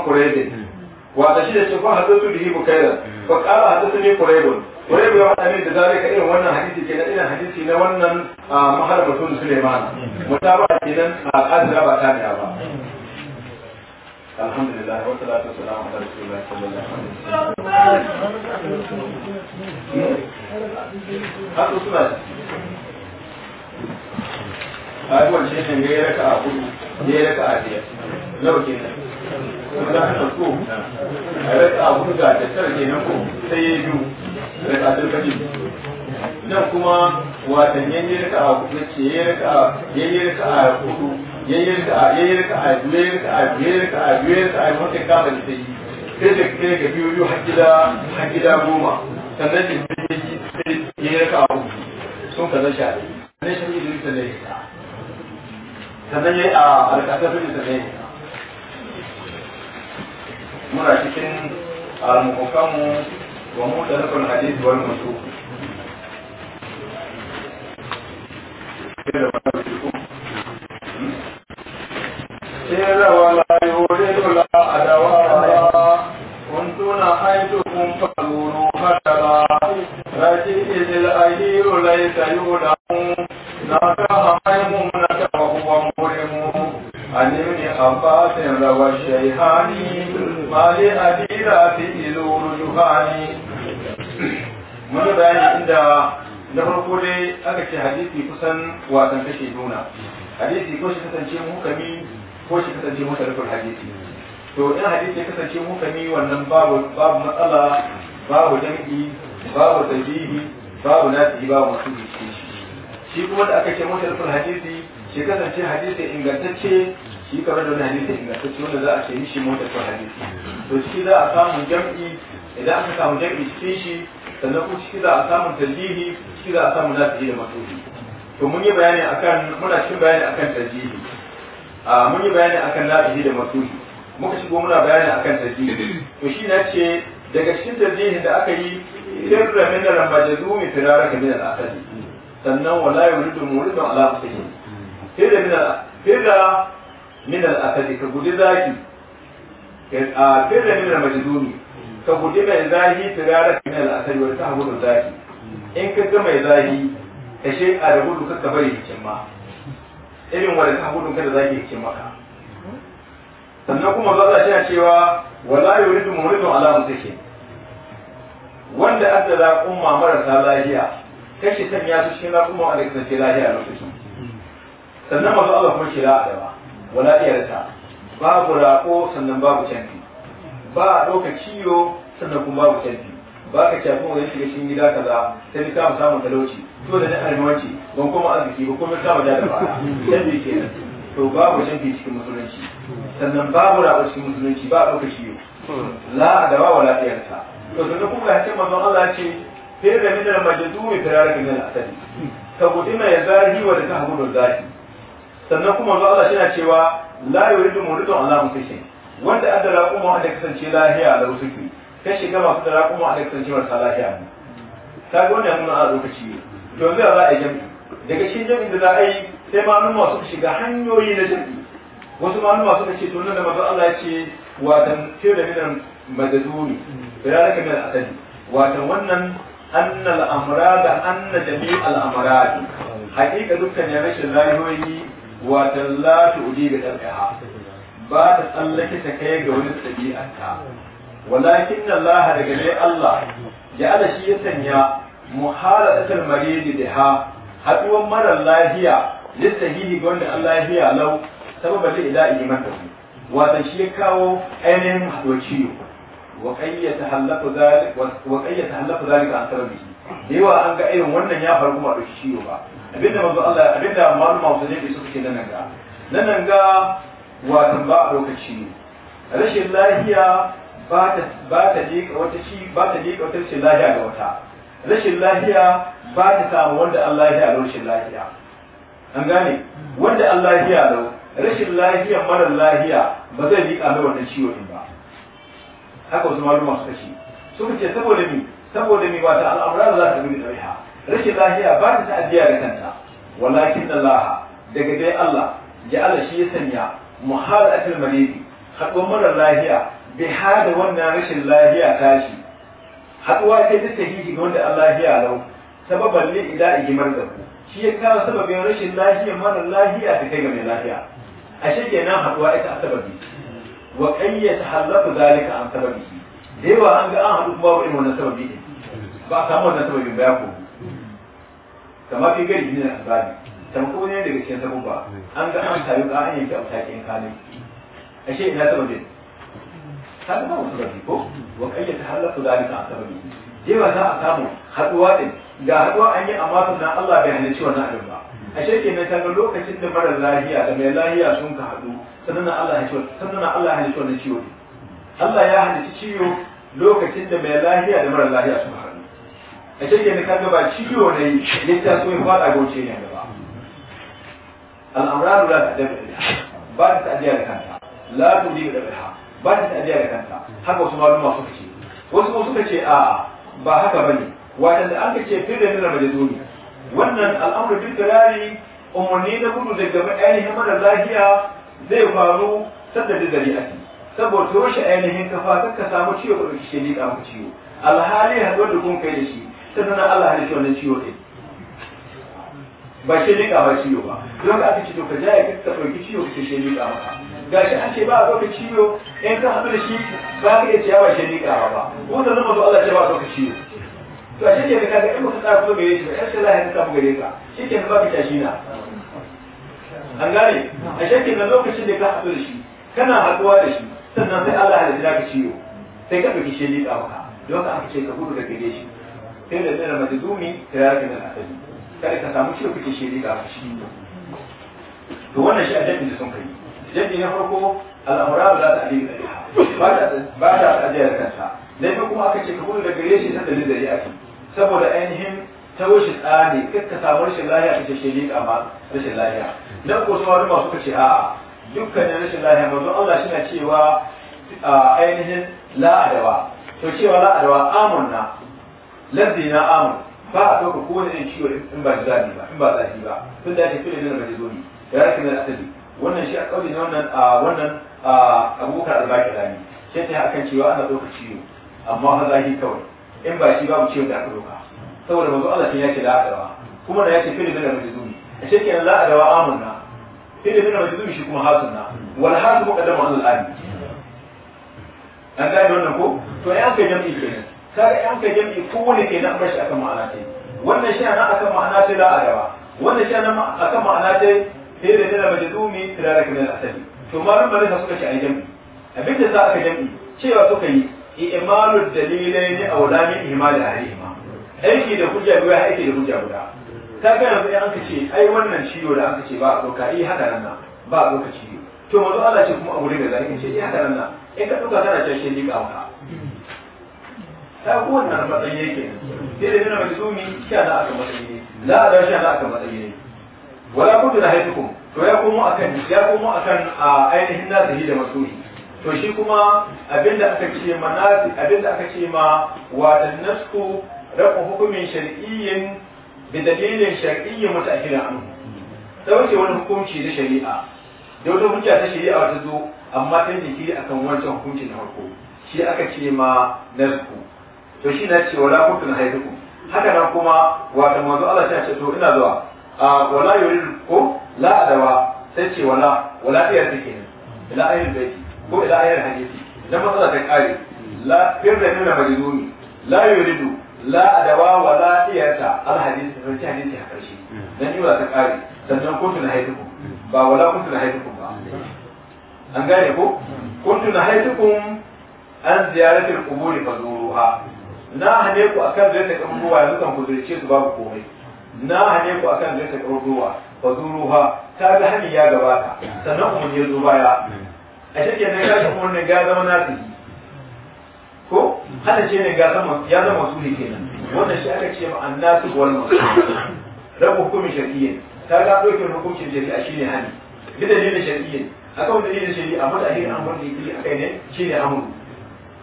wa wata shi da shi fa hadattu bihi bukai fa qala hadathani kurede wani bai wada min da zalika irin wannan hadisi kenan irin hadisi na wannan ah, maharbatun Suleiman wata ba kenan a ah, azra ba ta ba alhamdulillah wa salatu wassalamu ala rasulillah sallallahu alaihi suna ai wannan shi ne ya raka a ya raka a biyar nawa kenan kuma da hannun ko a raka a ta ga tattar ko sai ya yi biyu rakatul fajr nan kuma watan yayin raka'a kuma ce yayin raka'a yayin raka'a hudu yayin raka'a yayin raka'a yayin raka'a yayin raka'a yayin raka'a wanda ka ban sai sai da kai ga biyu biyu hakida hakida goma sannan da sai yayin raka'a hudu sun kaza sha ne shi ne da sai sannan yayi a alƙasar da sai muna cikin al-muqammu ومختلف الحديث والمشهور سير ولا يريد لا أدواء كنت نحيتكم فزوروا فترى رجل إذ الأهير ليس يولم ذاك حيم لك وهو مرم عن ابن عباس روى الشيخاني ma li adira fi ilu rujuhani mun bayani inda na farko dai aka ce hadisi kusan wasan kashe nuna hadisi ko shi kasance hukami ko shi kasance mutarifin hadisi to in hadisi ya kasance hukami wannan babu matsala babu jam'i babu tajihi babu nasihi babu masu shi kuma da aka ce mutarifin hadisi shi kasance hadisi ingantacce shi kamar da wani hadisi ingantacce wanda za a ce mishi mota ta hadisi to shi za a samu jam'i idan aka samu jam'i cikin shi sannan kuma shi za a samu tarjihi shi za a samu nafi da matuhi to mun yi bayani akan muna cikin bayani akan tarjihi a mun yi bayani akan nafi da matuhi muka shigo muna bayani akan tarjihi to shi na ce daga cikin tarjihin da aka yi sirra min al-majzumi firaraka min al-asali sannan wala yuridu muridun ala usahi sirra min al-sirra من al'akali ka ذاكي zaki a firra min ما majdumi ka من mai zahi tirara min al'akali ما tahmulu zaki in ka ga mai zahi ka sheka ذاكي كما irin sannan kuma za cewa wala yuridu muridun wanda adda marasa lahiya kashi ya su cikin na wanda kasance lahiya a lokaci sannan masu Allah kuma shi la'a da ba wala iyarta babu rako sannan babu canfi ba a ɗaukar ciyo sannan kuma babu canfi ba ka shafi wani shiga cikin gida za Ta bi kama samun talauci to da na almanci ban kuma arziki ba kuma kama da ba canfi kenan to babu canfi cikin musulunci sannan babu rako cikin musulunci ba a ɗaukar ciyo la a dawa wala iyarta to sannan kuma ya ce manzon Allah ce fere da minar majadu mai firara ga minar asali ka guji mai zari wa da ta hagu sannan kuma zuwa Allah yana cewa la yuridu muridun ala mutaki wanda adda kuma wanda kasance lahiya da rusuki kai shiga masu da kuma wanda kasance marasa lahiya ne kaga wannan mun a lokaci to zai za a jami daga cikin jami'in da za a yi sai maluma suka shiga hanyoyi na jami'i wasu maluma suka ce to nan da manzo Allah ya ce wa tan fi da minan madaduni da ralaka min minan asadi wa tan wannan annal amrada anna jami'al amradi haƙiƙa dukkan ya rashin rayuwoyi watan la tu'di ga dalha ba ta tsallake ta kai ga wani tabi'arta walakin laha daga ne Allah ya ala shi ya sanya muhalatatul da ha, haɗuwar mara lafiya gini ga wanda Allah ya lau sababan da ila su watan shi ya kawo ainihin haduwar ciwo wa kayyata halaku zalika an qayyata shi, da yawa an ga irin wannan ya faru kuma a ɗauki ciwo ba abinda manzo Allah abinda malum su ne ke suke nan ga nan ga watan ba a lokaci ne rashin lahiya ba ta ba ta je wata shi ba ta je wata rashin lahiya ga wata rashin lahiya ba ta samu wanda Allah ya da shi lahiya an gane wanda Allah ya da rashin lahiya mara lahiya ba zai liƙa mai wannan ciwo din ba haka wasu malum su kashi suka ce saboda mi saboda mi ba ta al'amura za ta gudu da riha rashin lahiya ba ta ta'addiya da kanta walakin Allah daga dai Allah ya Allah shi ya sanya muhalatul maridi haɗuwar mara lahiya bi hada wannan rashin lahiya tashi haɗuwa ce ta sahihi ga wanda Allah ya lau sababan li ila igimar da ku shi ya kawo sababin rashin lahiya mara lahiya ta kai ga mai lahiya ashe kenan haɗuwa ita sababi wa qayyata halafu zalika an sababi da yawa an ga an haɗu kuma ba irin wannan sababi ba a samu wannan sababin ba ya ko kamar fi gari jinin asibari tamko ne daga cikin sabubba an ga an tayu ka an yanke a matakin kanu ashe ina sababin ta ga babu sababi ko wa kayyata da alisa a sababi ba za a samu haduwa din ga haduwa an yi amma na Allah bai halicci wannan abin ba ashe kenan ta ga lokacin da marar lahiya da mai lahiya sun ka hadu sannan Allah ya ce sannan Allah ya halicci wannan ciwo Allah ya halicci ciwo lokacin da mai lahiya da marar lahiya sun ka a cikin da kan gaba ciwo ne ya ta so ya fada goce ne gaba al'amranu la ta dabi ba ta ajiya da kanta la ta dabi da ha ba ta ajiya da kanta haka wasu malama suka ce wasu kuma suka ce a ba haka bane wadanda an ka ce fi da nuna majazuni wannan al'amru bil kirari umarni na gudu daga ainihin mara lahiya zai faru sadda da dari'ati saboda toshe ainihin kafa ka samu ciwo ko shi ne ka ciwo alhali haɗuwar da kun kai da shi sai Allah ya ce wannan ciwo ne ba shi ka ba ciwo ba don ka ce to ka ja ya ka ɗauki ciwo ka shi rika maka an ce ba a ɗauka ciwo in ka haɗu da shi ba ka iya ciyawa shi ka ba ko da zama zo Allah ce ba a ɗauka ciwo to a shirya ka ga in muka tsara kuma gare shi ba yar Allah ya ka samu gare ka shi ke ba ka shi na an gane a ka na lokacin da ka haɗu da shi kana haɗuwa da shi sannan sai Allah ya ka ciwo sai ka ɗauki shi ka ba don ka aka ce ka gudu da gare shi sai da zira majdumi ta yaki nan asali kada ka samu ciwo kake shiri ga shi to wannan shi a jaddi da sun kai jaddi na farko al'amura ba za ta da ali ba ta ajiyar kansa na biyu kuma aka ce ka kuma da gare shi ta dalil da ya saboda ainihin ta wuce tsari kakka samu rashin lahiya a shiri ga ma rashin lahiya dan ko sun wani masu kace a'a dukkanin rashin lahiya manzon Allah shi cewa ainihin la'adawa to cewa la'adawa amunna lazi na amu ba a ɗauka kowane ɗan ciwo in ba jizani ba in ba zafi ba tun da ake fiye da mai da ya rake na asali wannan shi a ƙauri na wannan a wannan a abubakar albaki rani shi ta akan cewa ana ɗauka ciwo amma ha zafi kawai in ba shi babu ciwo da aka ɗauka saboda mazu Allah ya ce la'adawa kuma da ya ce fiye da mai zoni a shi kenan la'adawa amun na fiye da mai zoni shi kuma hasun na wal hasu muƙaddama an al'ani an gane wannan ko to ya an kai jam'i kenan kare an jam'i, jami'i wani ke nan bashi akan ma'ana ce wannan shi nan akan ma'ana ce la arawa wannan shi nan akan ma'ana ce sai da dala majdumi tirara kamar asali to malam bare suka ce ai jami'i abinda za aka jami'i cewa kai yi i'malu dalilai ne awlami ihmal alaihima aiki da hujja guda aiki da hujja guda ga yanzu an ka ce ai wannan ciwo da aka ce ba a doka yi eh, haka nan ba a doka ciwo to manzo Allah ce kuma a ne da zai ce yi eh, haka nan in ka duka kana ce shi ni ka ta kowanne na matsayi yake sai da yana mai majzumi sha na ka matsayi za a sha na ka matsayi wala kudu na haifukum to ya komo akan ya komo akan ainihin nasihi da masuri to shi kuma abinda aka ce ma nasi abinda aka ce ma watan nasku rafa hukumin shar'iyyin bi dalilin shar'iyyin muta'akhirin anhu dauke wani hukunci na shari'a da wata hujja ta shari'a ta zo amma ta jiki akan wancan hukunci na farko shi aka ce ma nasku to shi na ce wala kuntu na haidukum haka nan kuma wato manzo Allah ya ce to ina zuwa wala yuridu ko la adawa sai ce wala wala iya take ne ila ayyul baiti ko ila ayyul hadisi idan matsala ta kare la firda nuna majnuni la yuridu la adawa wala iyata al hadisi sai hadisi a karshe dan yi ta kare sannan kuntu na haidukum ba wala kuntu na haidukum ba an gane ko kuntu na haidukum an ziyaratul quburi fazuruha na hane ku akan zai ta ruwa yanzu kan kudurce su babu komai na hane ku akan zai ta ruwa fa zuruha ta ga hani ya gabata sannan umarni ya zo baya a shi kenan ya shi ne ga zama nasihi ko hana ce ne ga zama ya zama su ne kenan wannan shi aka ce ma annasu wani masu rabu hukumin shari'in ta ga dokin hukuncin shari'a shine hani bi dalilin shari'in akan dalilin shari'a mutane an kiri a kai ne shine amuru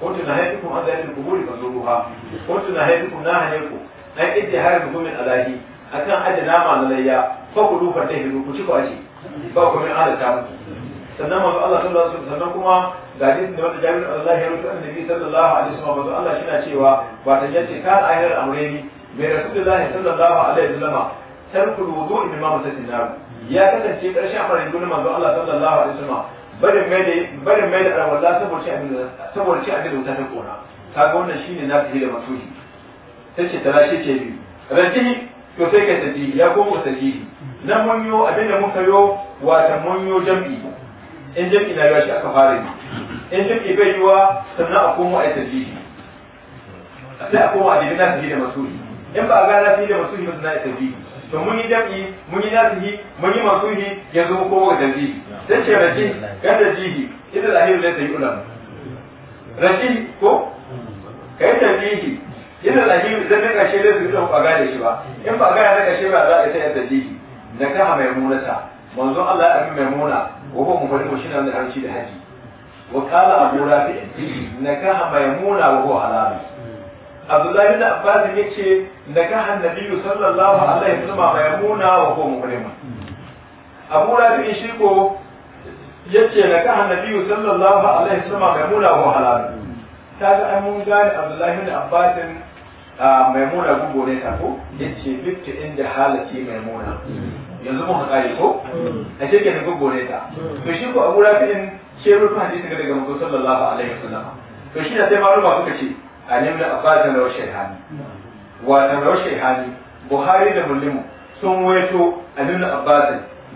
كنت نهيتكم عن ذات القبور فزوروها كنت نهيتكم ناهيكم أن اجتهادكم من ألاهي أكان أجل نام على ليا فقلوا فتهلوا كتبوا أشي باكم من أهل تعمل sannan manzo Allah sallallahu alaihi wasallam kuma ga hadisin da wanda Jabir Allah ya rubuta annabi sallallahu alaihi wasallam manzo Allah shi na cewa ba ta yace kan ayar amreni mai rasulullahi sallallahu alaihi wasallam tarkul wudu'i min ma masatin nar ya kasance karshen farin gurin manzo Allah sallallahu alaihi wasallam barin mai da alwala saboda cin abin da wuta ta kona kaga wannan shine na fi da matuhi ta ce tara shi ce biyu rajihi to sai ka tajihi ya koma tajihi na mun yo abin da muka yo wata mun yo jam'i in jam'i na yawa shi aka fara ni. in jam'i bai yiwa sannan a koma a tajihi sai a koma a jirgin na fi da matuhi in ba a na fi da matuhi ba sannan a tajihi to muni jam'i muni yi nasihi mun masuhi yanzu mun koma ga tanzihi sai ce raji kan jihi idan lahiru laysa yu'lam raji ko kai jihi idan lahiru zai dinga shi da yu'lam ba da shi ba in ba ga da shi ba za a sai jihi da mai munata manzo Allah ya abin maimuna wa ko mufarriqu shi ne wanda da ci da haji wa kala abu rafi nakaha maimuna wa huwa halali Abdullahi da Abbas na nakaha annabiyyu sallallahu alaihi wasallam maymuna wa huwa muhrim Abu Rafi shi ko na nakaha annabiyyu sallallahu alaihi wasallam maymuna wa halal ta ga an mun gane Abdullahi da Abbas ah, maimuna gugu ne ta ko ya ce bitta inda halaki maimuna yanzu mun yi ko mm. a ce kenan gugu ne ta to shi ko Abu Rafi din ce rubuta hadisi daga manzo sallallahu alaihi wasallam to shi da sai rufa suka ce an ibn na da hali wa da hali buhari da mulimu sun waito an ibn abbas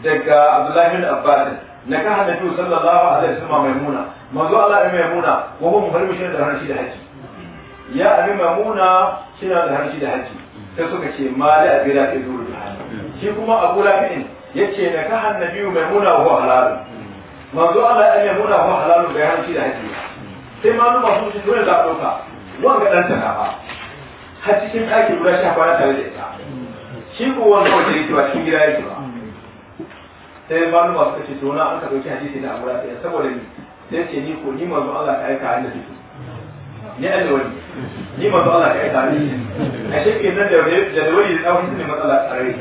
daga abdullahi ibn abbas na ka hannatu sallallahu alaihi wasallam maimuna mazo Allah ya maimuna wa huwa farmi shi da harshe da haji ya abi maimuna shi da harshe da haji sai suka ce ma la abira da zuru shi kuma abu lafi'in yace na ka biyu maimuna wa huwa halal mazo Allah ya maimuna ko halalu halal da harshe da haji sai maluma sun ce dole za a ɗauka ba ga ɗanta na ba har cikin ɗakin guda sha kwana tare da ita shi ko wanda wata yake ba cikin gida yake ba sai ba ba suka ce tona an ka ɗauki hadisi da amura sai saboda ni sai ce ni ko ni manzo Allah ka aika hannu da ni an da wani ni manzo Allah ka aika ni a shi ke nan da da wani da ɗauki ne matsala tsare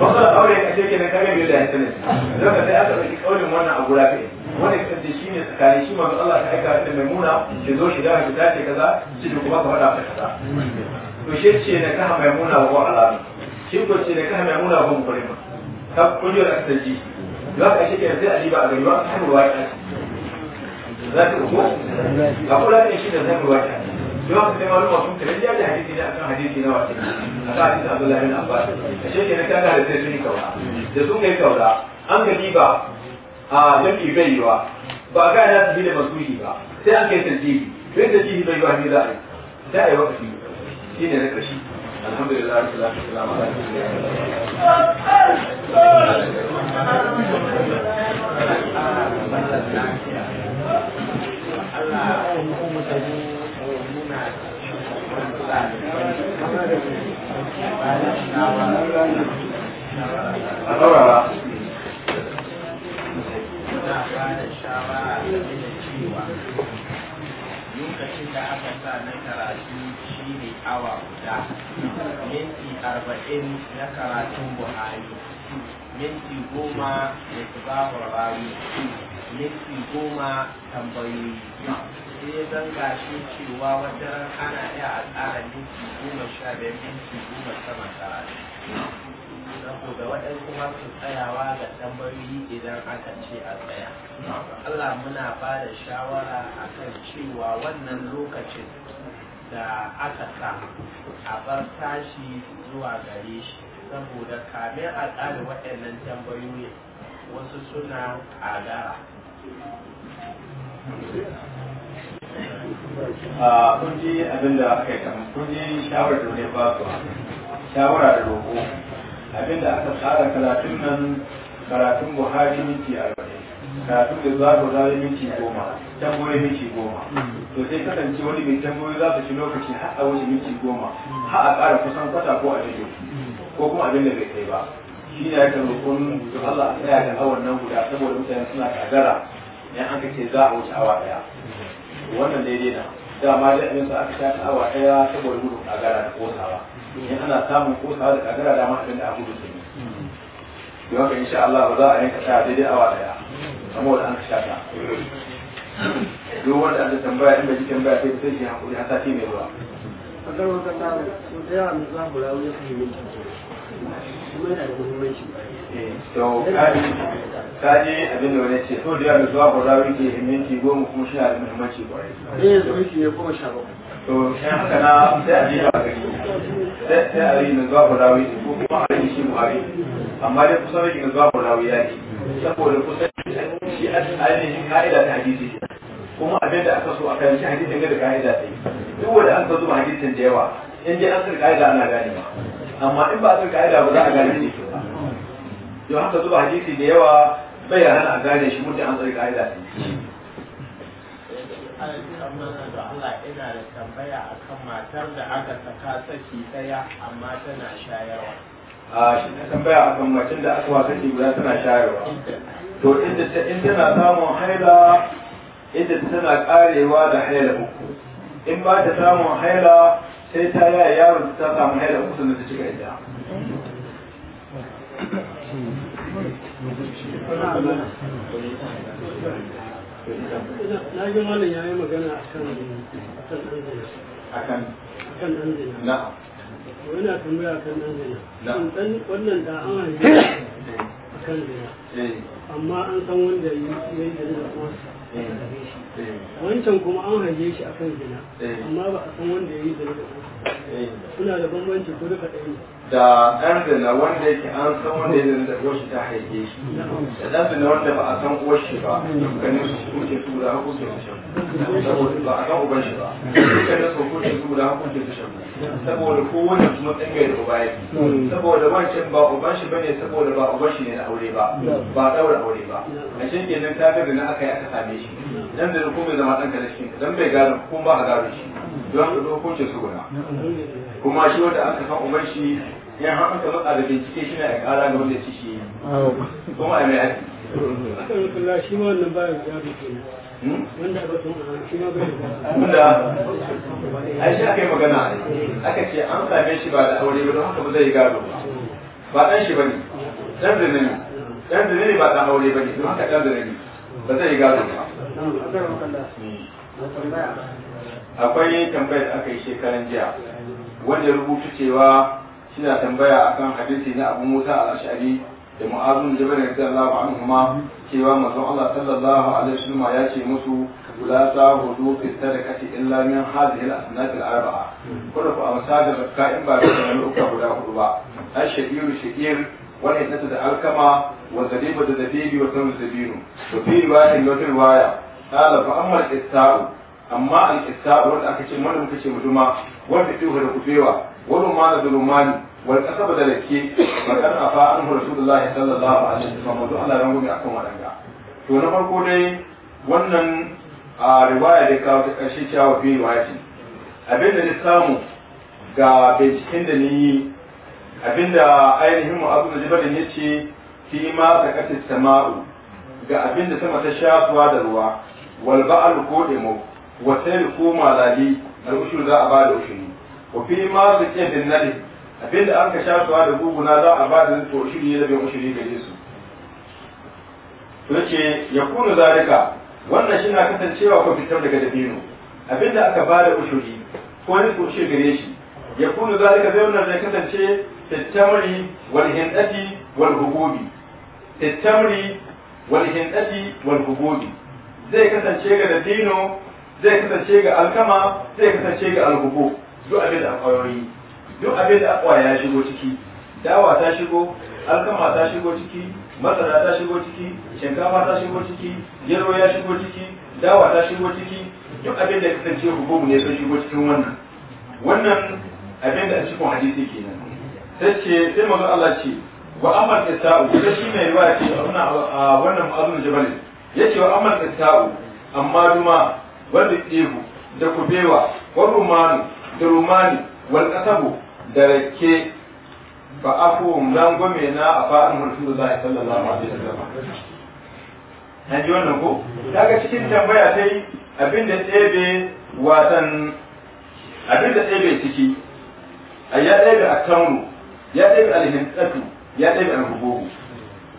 matsala aure a shi ke nan kare biyu da yanzu ne don ka sai aka ɗauki ƙaunin wannan abura ka yi. wanda ka da shi ne tsakani shi manzo Allah ta aika ta maimuna ki zo shi da ki ta ce kaza shi ki kuma ka faɗa ta kaza to shi ce na kaha maimuna wa alami shi ko ce na kaha maimuna wa mukulima ta kullu da ta ji za ka shi ke sai aliba a gari ba ta ruwa ta za ta ko ga kula da shi da zai ruwa ta yawan sai malama sun kare ya da hadisi ne akan hadisi na wasu akan hadisi Abdullahi bin Abbas shi ke na kaga da sai sun yi kaura da sun kai kaura an ga ba. a jam'i bai yiwa ba ga ya tafi da masuhi ba sai an kai tarjihi bai tarjihi bai yiwa ne za a yi za a yi wakafi shi ne na ƙarshe alhamdulillah rabbil alamin a Ana ba da shawara game da cewa lokacin da aka sa na karatu shi ne awa guda minti arba'in na karatun buhari minti goma da tsibabar rawi minti goma tambayoyi sai ya zanga shi cewa wata ran ana iya a tsara minti goma sha biyar minti goma sama karatu saboda waɗansu masu tsayawa ga tambayoyi idan aka ce a tsaya Allah muna ba da shawara akan cewa wannan lokacin da aka sa a bar tashi zuwa gare shi saboda kamin a tsara waɗannan tambayoyi wasu suna ƙagara a kun ji abin da aka yi kamar kun ji shawarar da wani ba su shawara da roƙo abin da aka tsara karatun nan karatun buhari minti arba'in karatun da zuwa buhari minti goma tamboyi minti goma to sai kasance wani mai tamboyi za su ci lokaci har a wuce minti goma har a ƙara kusan kwata ko a jirgin ko kuma abin da bai kai ba shi ne aka roƙon to Allah a tsaya da hawan nan guda saboda mutane suna kagara yan an kace za a wuce awa ɗaya wannan daidai na dama da abin sa aka sha shafi awa daya saboda gudun kagara da kosawa in ana samun kosawa da kagara dama abin da a gudu sun yi don haka insha Allah ba za a yanka tsaya daidai awa daya saboda an ta duk wanda an aka tambaya in bai ji tambaya sai sai shi hakuri har sati mai zuwa a garin wata tsara so da yawa mai zahura wuya su yi minti kuma yana da muhimmanci to kaji kaji abin da wani ce so da yana zuwa ba za ke minti goma kuma shi da muhimmanci kwarai. Eh da minti ne goma sha bakwai. To shi haka na sai a jiba gari sai sai a yi na zuwa ba ko kuma a yi shi buhari amma dai kusan rage na zuwa ba ya ne saboda kusan shi a ainihin ka'ida ta hadisi kuma abin da aka so a kan shi hadisin ga da ka'ida ta yi duk wanda an ka zuba hadisin da yawa in dai an san ka'ida ana gane amma in ba a san ka'ida ba za a gane ne don haka zuba hadisi da yawa bai ya hana a gane shi mutum an tsari ka'ida ne Allah ina da tambaya akan matar da aka saka saki ɗaya, amma tana shayarwa a shi ta tambaya akan macin da aka wasa guda tana shayarwa to inda in tana samun haila inda tana karewa da haila uku in ba ta samun haila sai ta yaya yaron ta samu haila uku sannan ta cika ita na ji malam ya yi magana a kan akan a kan zina na yana tambaya akan kan zina ɗan wannan da an a kan zina amma an san wanda ya yi da zina da uwarsa wancan kuma an haife shi kan zina amma ba a san wanda ya yi zina da zina suna da bambanci ko duka ɗaya da na wanda yake an san wanda yake da goshi ta haife shi da ɗanɗana wanda ba a san goshi ba dukkanin su kuke tura haku ke tashan saboda ba a san uban shi ba dukkanin su kuke tura haku ke tashan saboda kowane kuma tsangai da uba yake saboda wancan ba uban shi bane saboda ba uban shi ne na aure ba ba ɗaura aure ba a shi kenan ta ga na aka yi aka same shi dan da ko bai zama ɗan ka shi dan bai gado ko ba a shi don ka zo hukuncin su guda kuma shi wanda aka san uban shi ya haɗa ka matsa da bincike shi ne a ƙara ga wanda ci shi ne kuma a mai aiki. Allah shi ma wannan bayan ya rufe hmm? wanda ba tun shi ma bai wanda ai shi aka yi magana aka ce an same shi ba da aure ba don haka ba zai gado ba ɗan shi bane ɗan zane ne ɗan zane ne ba ɗan aure ba bane don haka ɗan zane ne ba zai gado ba akwai tambayar da aka yi shekaran jiya wanda rubutu cewa suna tambaya akan hadisi na Abu Musa al-Ash'ari da Mu'adh bin Jabal radiyallahu anhu ma cewa manzon Allah sallallahu alaihi wasallam ya ce musu la tahudu fi sadaqati illa min hadhihi al-asnaf al-arba'a kullu fa da zakka in ba da al'ukka guda hudu ba ash-shaqir shaqir wal hidatu da alkama wa zalibu da zabibi wa tanu Zabiru to fi riwayatin wa riwaya qala fa amma al-ista'u amma al-ista'u wanda aka ce mana muka ce muduma wanda tuhu da kubewa. wani ma da zulumani ba da lake a afa an rasulullahi sallallahu alaihi wasallam to Allah ran gobe akan wadanga to na farko dai wannan a riwaya da kawo ta karshe cewa fi riwayati abin da ni samu ga binciken da ni da ainihin abu da jibalin ya ce fi ma da katis sama'u ga abin da sama ta shafuwa da ruwa wal ba'al ko demo wa sai ko malali al ushur za a ba da ushuri wa fi ma da nadi abin da an ka sha suwa da guguna za a ba da to shiri da bai mushiri da yesu to ce ya kunu zalika wannan shi na kasancewa ko fitar daga dabino abin da aka ba da ushuri ko wani to shi gare shi ya kunu zalika zai wannan zai kasance tattamri wal hindati wal hububi tattamri wal hindati wal hububi zai kasance ga dabino zai kasance ga alkama zai kasance ga alhubu duk abin da akwai duk abin da akwa ya shigo ciki dawa ta shigo alkama ta shigo ciki masara ta shigo ciki shinkafa ta shigo ciki gero ya shigo ciki dawa ta shigo ciki duk abin da kasance hukumu ne sun shigo cikin wannan wannan abin da a cikin hadisi kenan sai ce sai manzo Allah ce wa amal kitabu da shi mai ruwa ce a wannan mu'azzin jabal yace wa amal kitabu amma duma wanda ihu da kubewa wa rumani da rumani wal kasabu darake ba afu gome na a fa'an mulkin da zai sallallahu alaihi wasallam na ji wannan ko daga cikin tambaya ta yi abin da tsebe watan abin da tsebe ciki a ya tsebe a taunu ya tsebe alhintsatu ya tsebe rububu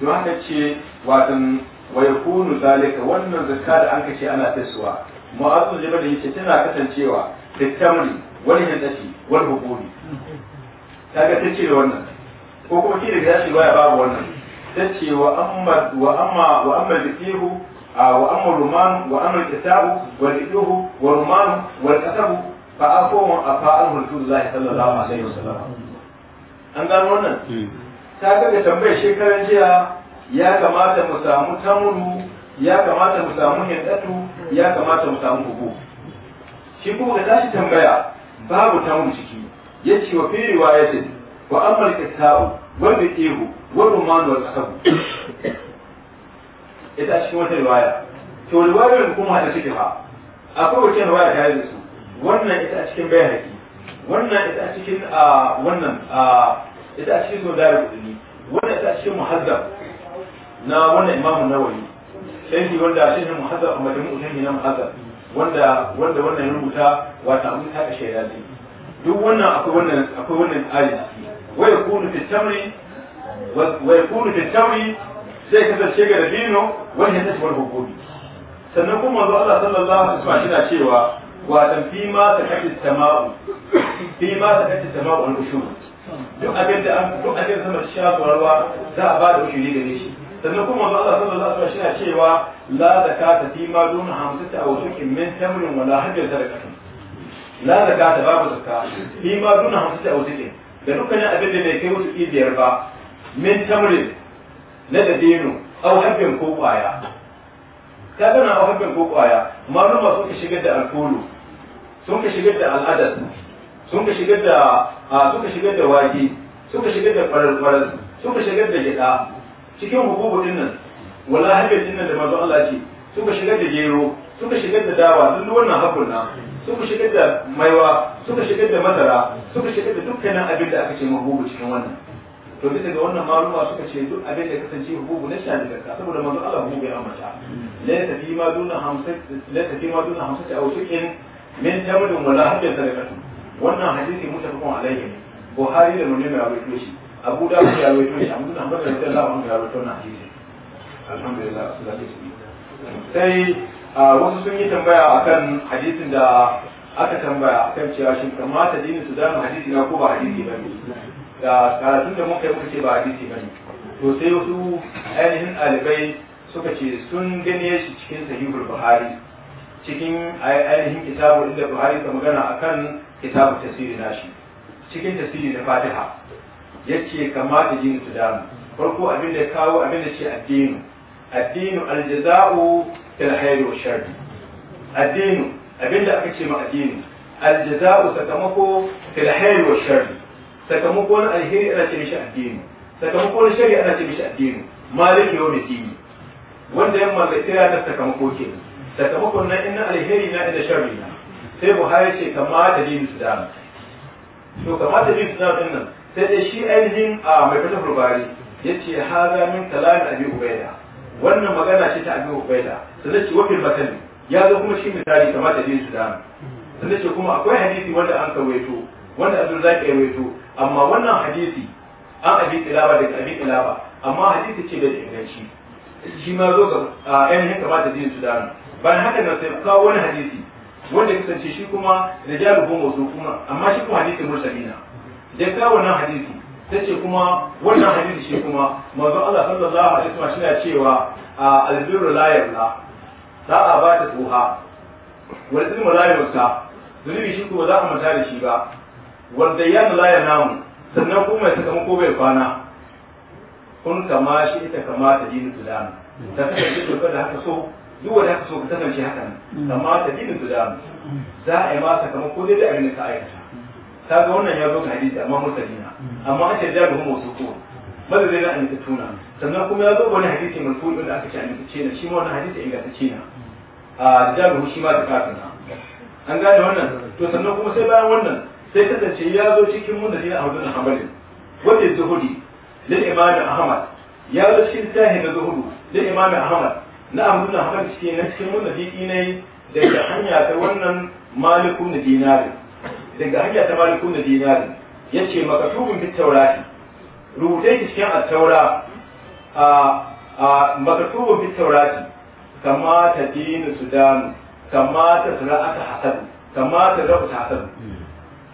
don haka ce watan wa kunu zalika wannan zakka da an kace ana fesuwa mu'azzu jibril yace tana kasancewa fitamri wani hintsati wal hububi kaga ta ce wannan ko kuma ki da shi baya babu wannan ta ce wa amma wa amma wa amma bikihu wa amma ruman wa amma kitabu wa bikihu wa ruman wa kasabu fa afu afa al sallallahu alaihi wasallam an gano wannan hmm. ta ga da tambayar shekaran jiya ya kamata mu samu tamuru ya kamata mu samu hindatu ya kamata mu samu hugu shi kuma ka tashi tambaya babu tamuru ciki yace wa fi riwayatin wa amal kitabu wa al-ihu wa rumanu wa asabu ita cikin wata riwaya to riwayar kuma ta cikin ha akwai wata riwaya ta yi su wannan ita a cikin bayani wannan ita a cikin wannan ita a cikin sodari kudini wannan ita a cikin muhazzab na wannan imamu nawawi sai wanda shi ne muhazzab amma da shi ne na muhazzab wanda wanda wannan rubuta wata abin ta kashe ya ne duk wannan akwai wannan akwai wannan tsari wa yakunu fi tamri wa yakunu fi tamri zai kasance ga dabino wani ya tashi wani hukumi sannan kuma manzo Allah sallallahu alaihi wasallam yana cewa wa tan fi ma takati sama'u fi ma takati sama'u wal ushur duk abin da an duk abin da sama sha zuwa za a ba da ushuri gare shi sannan kuma manzo Allah sallallahu alaihi wasallam yana cewa la zakata fi ma dun hamsata aw sukin min tamrin wala hajjar zakatun la ta babu zakka Ni ma duna hamsa aw zidin da dukkanin abin da bai kai wasu ibiyar ba min tamrin na da dinu aw habbin ko kwaya ka gana aw habbin ko kwaya maluma sun ka shigar da alkolu sun ka shigar da al'adar sun ka shigar da sun ka shigar da wake sun ka shigar da farar sun ka shigar da gida cikin hukumu din nan wala habbin din nan da manzo Allah ce sun ka shigar da gero sun ka shigar da dawa duk wannan habbun suka shigar da maiwa suka shigar da masara suka shigar da dukkanin abin da aka ce mahubu cikin wannan to bisa daga wannan maluma suka ce duk abin da kasance hubu na sha daga ka saboda manzo Allah hubu ya ambata laysa fi ma duna hamsa laysa fi ma duna hamsa aw shikin min tamrin wala hadda sadaqatu wannan hadisi mutafaqun alayhi Buhari da Muslim ya rawaito shi Abu Dawud ya rawaito shi Abu Dawud da Allah ya rawaito wannan hadisi alhamdulillah sai wasu sun yi tambaya akan hadisin da aka tambaya akan cewa shin kamata dinin su zama hadisi na ko ba hadisi ba ne? da karatun da muka yi muka ce ba hadisi ba ne. to sai wasu ainihin ɗalibai suka ce sun gane shi cikin sahihul buhari cikin ainihin kitabu inda buhari ka magana akan kitabu tasiri nashi cikin tasiri na fatiha yace kamata dinin su zama farko abin da kawo abin da ce addinu addinu aljaza'u fil khairi wa sharri addinu abinda aka ce ma addini aljaza'u sakamako fil khairi wa sharri sakamako na alheri ana ce shi addini sakamako na shari ana ce shi addini maliki yau da dini wanda yamma zai tsira ta sakamako ke sakamakon nan inna alheri na ina sharri na sai buhari ce kamata dini su dama to kamata dini su dama din nan sai dai shi ainihin a mai fata furbari ya ce haza min kalamin abi ubaida wannan magana ce ta abi ubaida sannan ce wafin batani ya zo kuma shi misali kamar da jinsu da sannan ce kuma akwai hadisi wanda an kawaito wanda abdul zaki ya waito amma wannan hadisi an abi ilaba daga abi ilaba amma hadisi ce da inganci shi ma zo ga ainihin kamar da jinsu da bayan haka nan sai kawo wani hadisi wanda ya kasance shi kuma da jarubu kuma amma shi kuma hadisi mursalina da kawo wannan hadisi tace kuma wannan hadisi shi kuma manzon Allah sallallahu alaihi wasallam shi cewa albirru la yarda za a ba ta tsoha wani zilma la yusa zunubi shi kuma za a manta da shi ba wanda ya mu layar namu sannan kuma ya saka ko bai kwana kun kama shi ita kama ta dinin sudan ta kasance dokar da haka so duk wanda haka so ka kasance haka nan kama ta dinin sudan za a yi ma sakamako dai da abin da ka aikata ta ga wannan ya zo ka hadisi amma mursalina amma an ce da ga homo su ko madadin an ta tuna sannan kuma ya zo wani hadisi mai fulun da aka ce an ta ce na shi ma wani hadisi ingantacce na a jami'u shi ma da kafin an gane wannan to sannan kuma sai bayan wannan sai kasance ya zo cikin mundari na Ahmadu na Hanbali wanda ya zuhudi lil Imam Ahmad ya zo cikin tahi na zuhudu lil Imam Ahmad na Ahmadu na Hanbali cikin na cikin mundari ne daga hanya ta wannan malikun da dinari daga hanya ta malikun da dinari yace makatubun bit taurati rubutai cikin at-taura a makatubun bit taurati kamata ta dinu sudanu kamata ta sura'ata hasadu kamata ta ta hasadu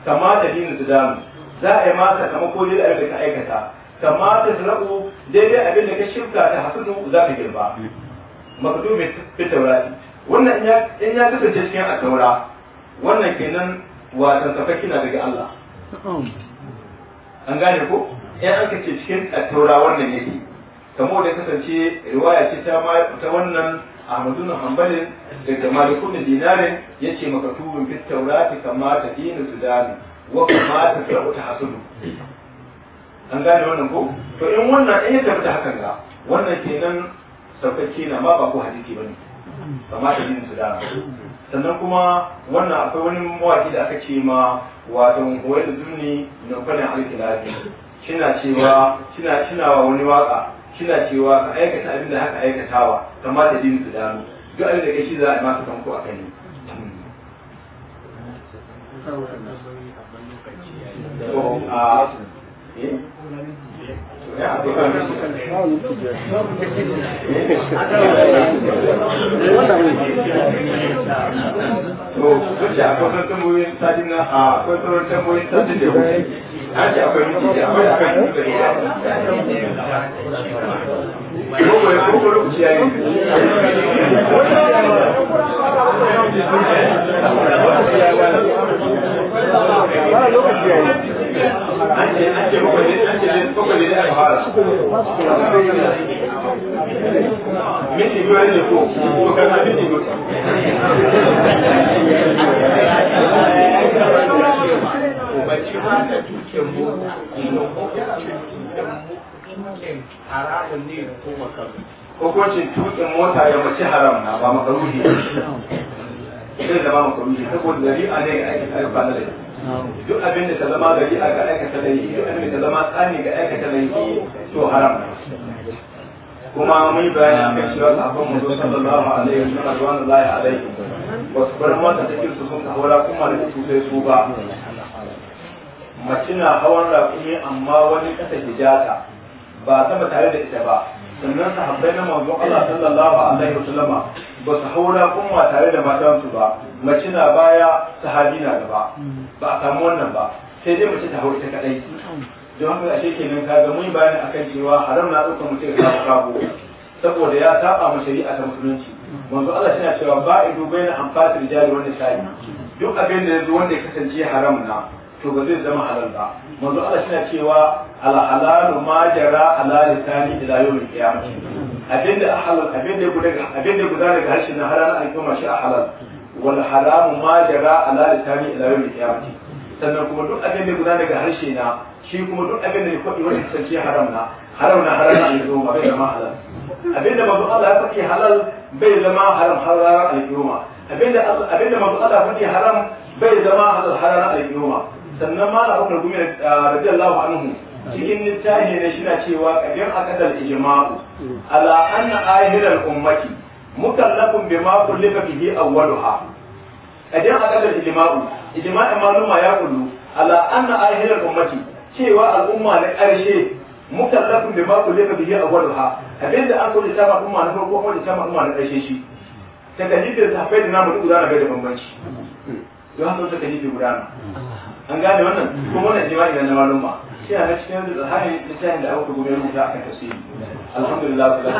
kamata ta su sudanu za a yi mata kamar ko dai abin da ka aikata kamata su ra'u daidai abin da ka shirka ta hasadu za ka girba makdubi fi taurati wannan in ya kasance cikin addaura wannan kenan watan tafakki na daga Allah an gane ko in aka ce cikin addaura wannan yake kamar da kasance riwaya ce ta ta wannan Ahmad bin Hanbalin daga Malik bin Dinarin ya yace makatubun fit Taurati kamata ta su dami wa kamata kama ta sauta hasudu an gane wannan ko to in wannan in ya ta hakan ga wannan kenan saukake na ma ba ko hadisi ne kamata ta su tudani sannan kuma wannan akwai wani mawaki da aka ce ma wato wani dunni na kwanan alkilafi shina cewa shina shina wani waka shina cewa ka aikata abin da haka aikatawa kamata dini su dano duk abin da kai shi za a masa kanku a kai to duk da akwai a ce akwai miji da akwai akan miji da ya Koko ya koko lokaci ya yi. An ce an ce koko ne an ce koko ne da fara. Miji biyu ne ko ko kana miji biyu. mace ba ta tuke mota ino ko tuke haramun ne ko makaru ko kuma ce tuke mota ya mace haram na ba makaruhi sai da ba makaruhi saboda dari a ne ga aikata da duk abin da ta zama dari a ga aikata laifi. duk abin da ta zama tsani ga aikata laifi. yi to haram kuma mun bayani akan cewa sabon mu sallallahu alaihi wasallam radwanullahi alaihi wasu bar mota take su sun kawara kuma da su sai su ba mace na hawan raƙumi amma wani kasa hijata ba ba tare da ita ba sannan sahabbai na manzo Allah sallallahu alaihi wa wasallama ba su hau haura kuma tare da matansu ba mace na baya sahabi na gaba ba a samu wannan ba sai dai mace ta hau ta kaɗai don haka ashe kenan kaga mun bayani akan cewa haram na ɗaukar mace ya samu kago saboda ya saba mu shari'a ta musulunci manzo Allah yana cewa ba'idu baina anfasil rijali wa nisa'i duk abin da zo wanda ya kasance haram na to ba zai zama halal ba manzo Allah shi cewa al halalu ma jara ala ila qiyamah halal harshen shi a halal wal ma jara ala ila qiyamah sannan kuma duk harshe na shi kuma duk ya wani haram na haram na haram bai zama halal manzo Allah ya halal bai zama haram haram manzo Allah ya haram bai zama halal haram sannan ma na hukar gumi eh, radiyallahu anhu cikin littafi ne shi na cewa kabir akadal ijma'u ala anna ahiral ummati mukallafun bima kullifa bihi awwaluha kabir akadal ijma'u ijma'in maluma ya kullu ala anna ahiral ummati cewa al'umma na ƙarshe mukallafun bima kullifa bihi awwaluha abinda an kulli ta al'umma na farko ko ta umma na ƙarshe shi ta kalli da tafai da namu duk da na ga da bambanci don haka ta kalli da gudana an gane wannan kuma wannan jima'i da na malum ba shi na cikin da harin littafin da aka gobe rubuta akan tafsiri alhamdulillah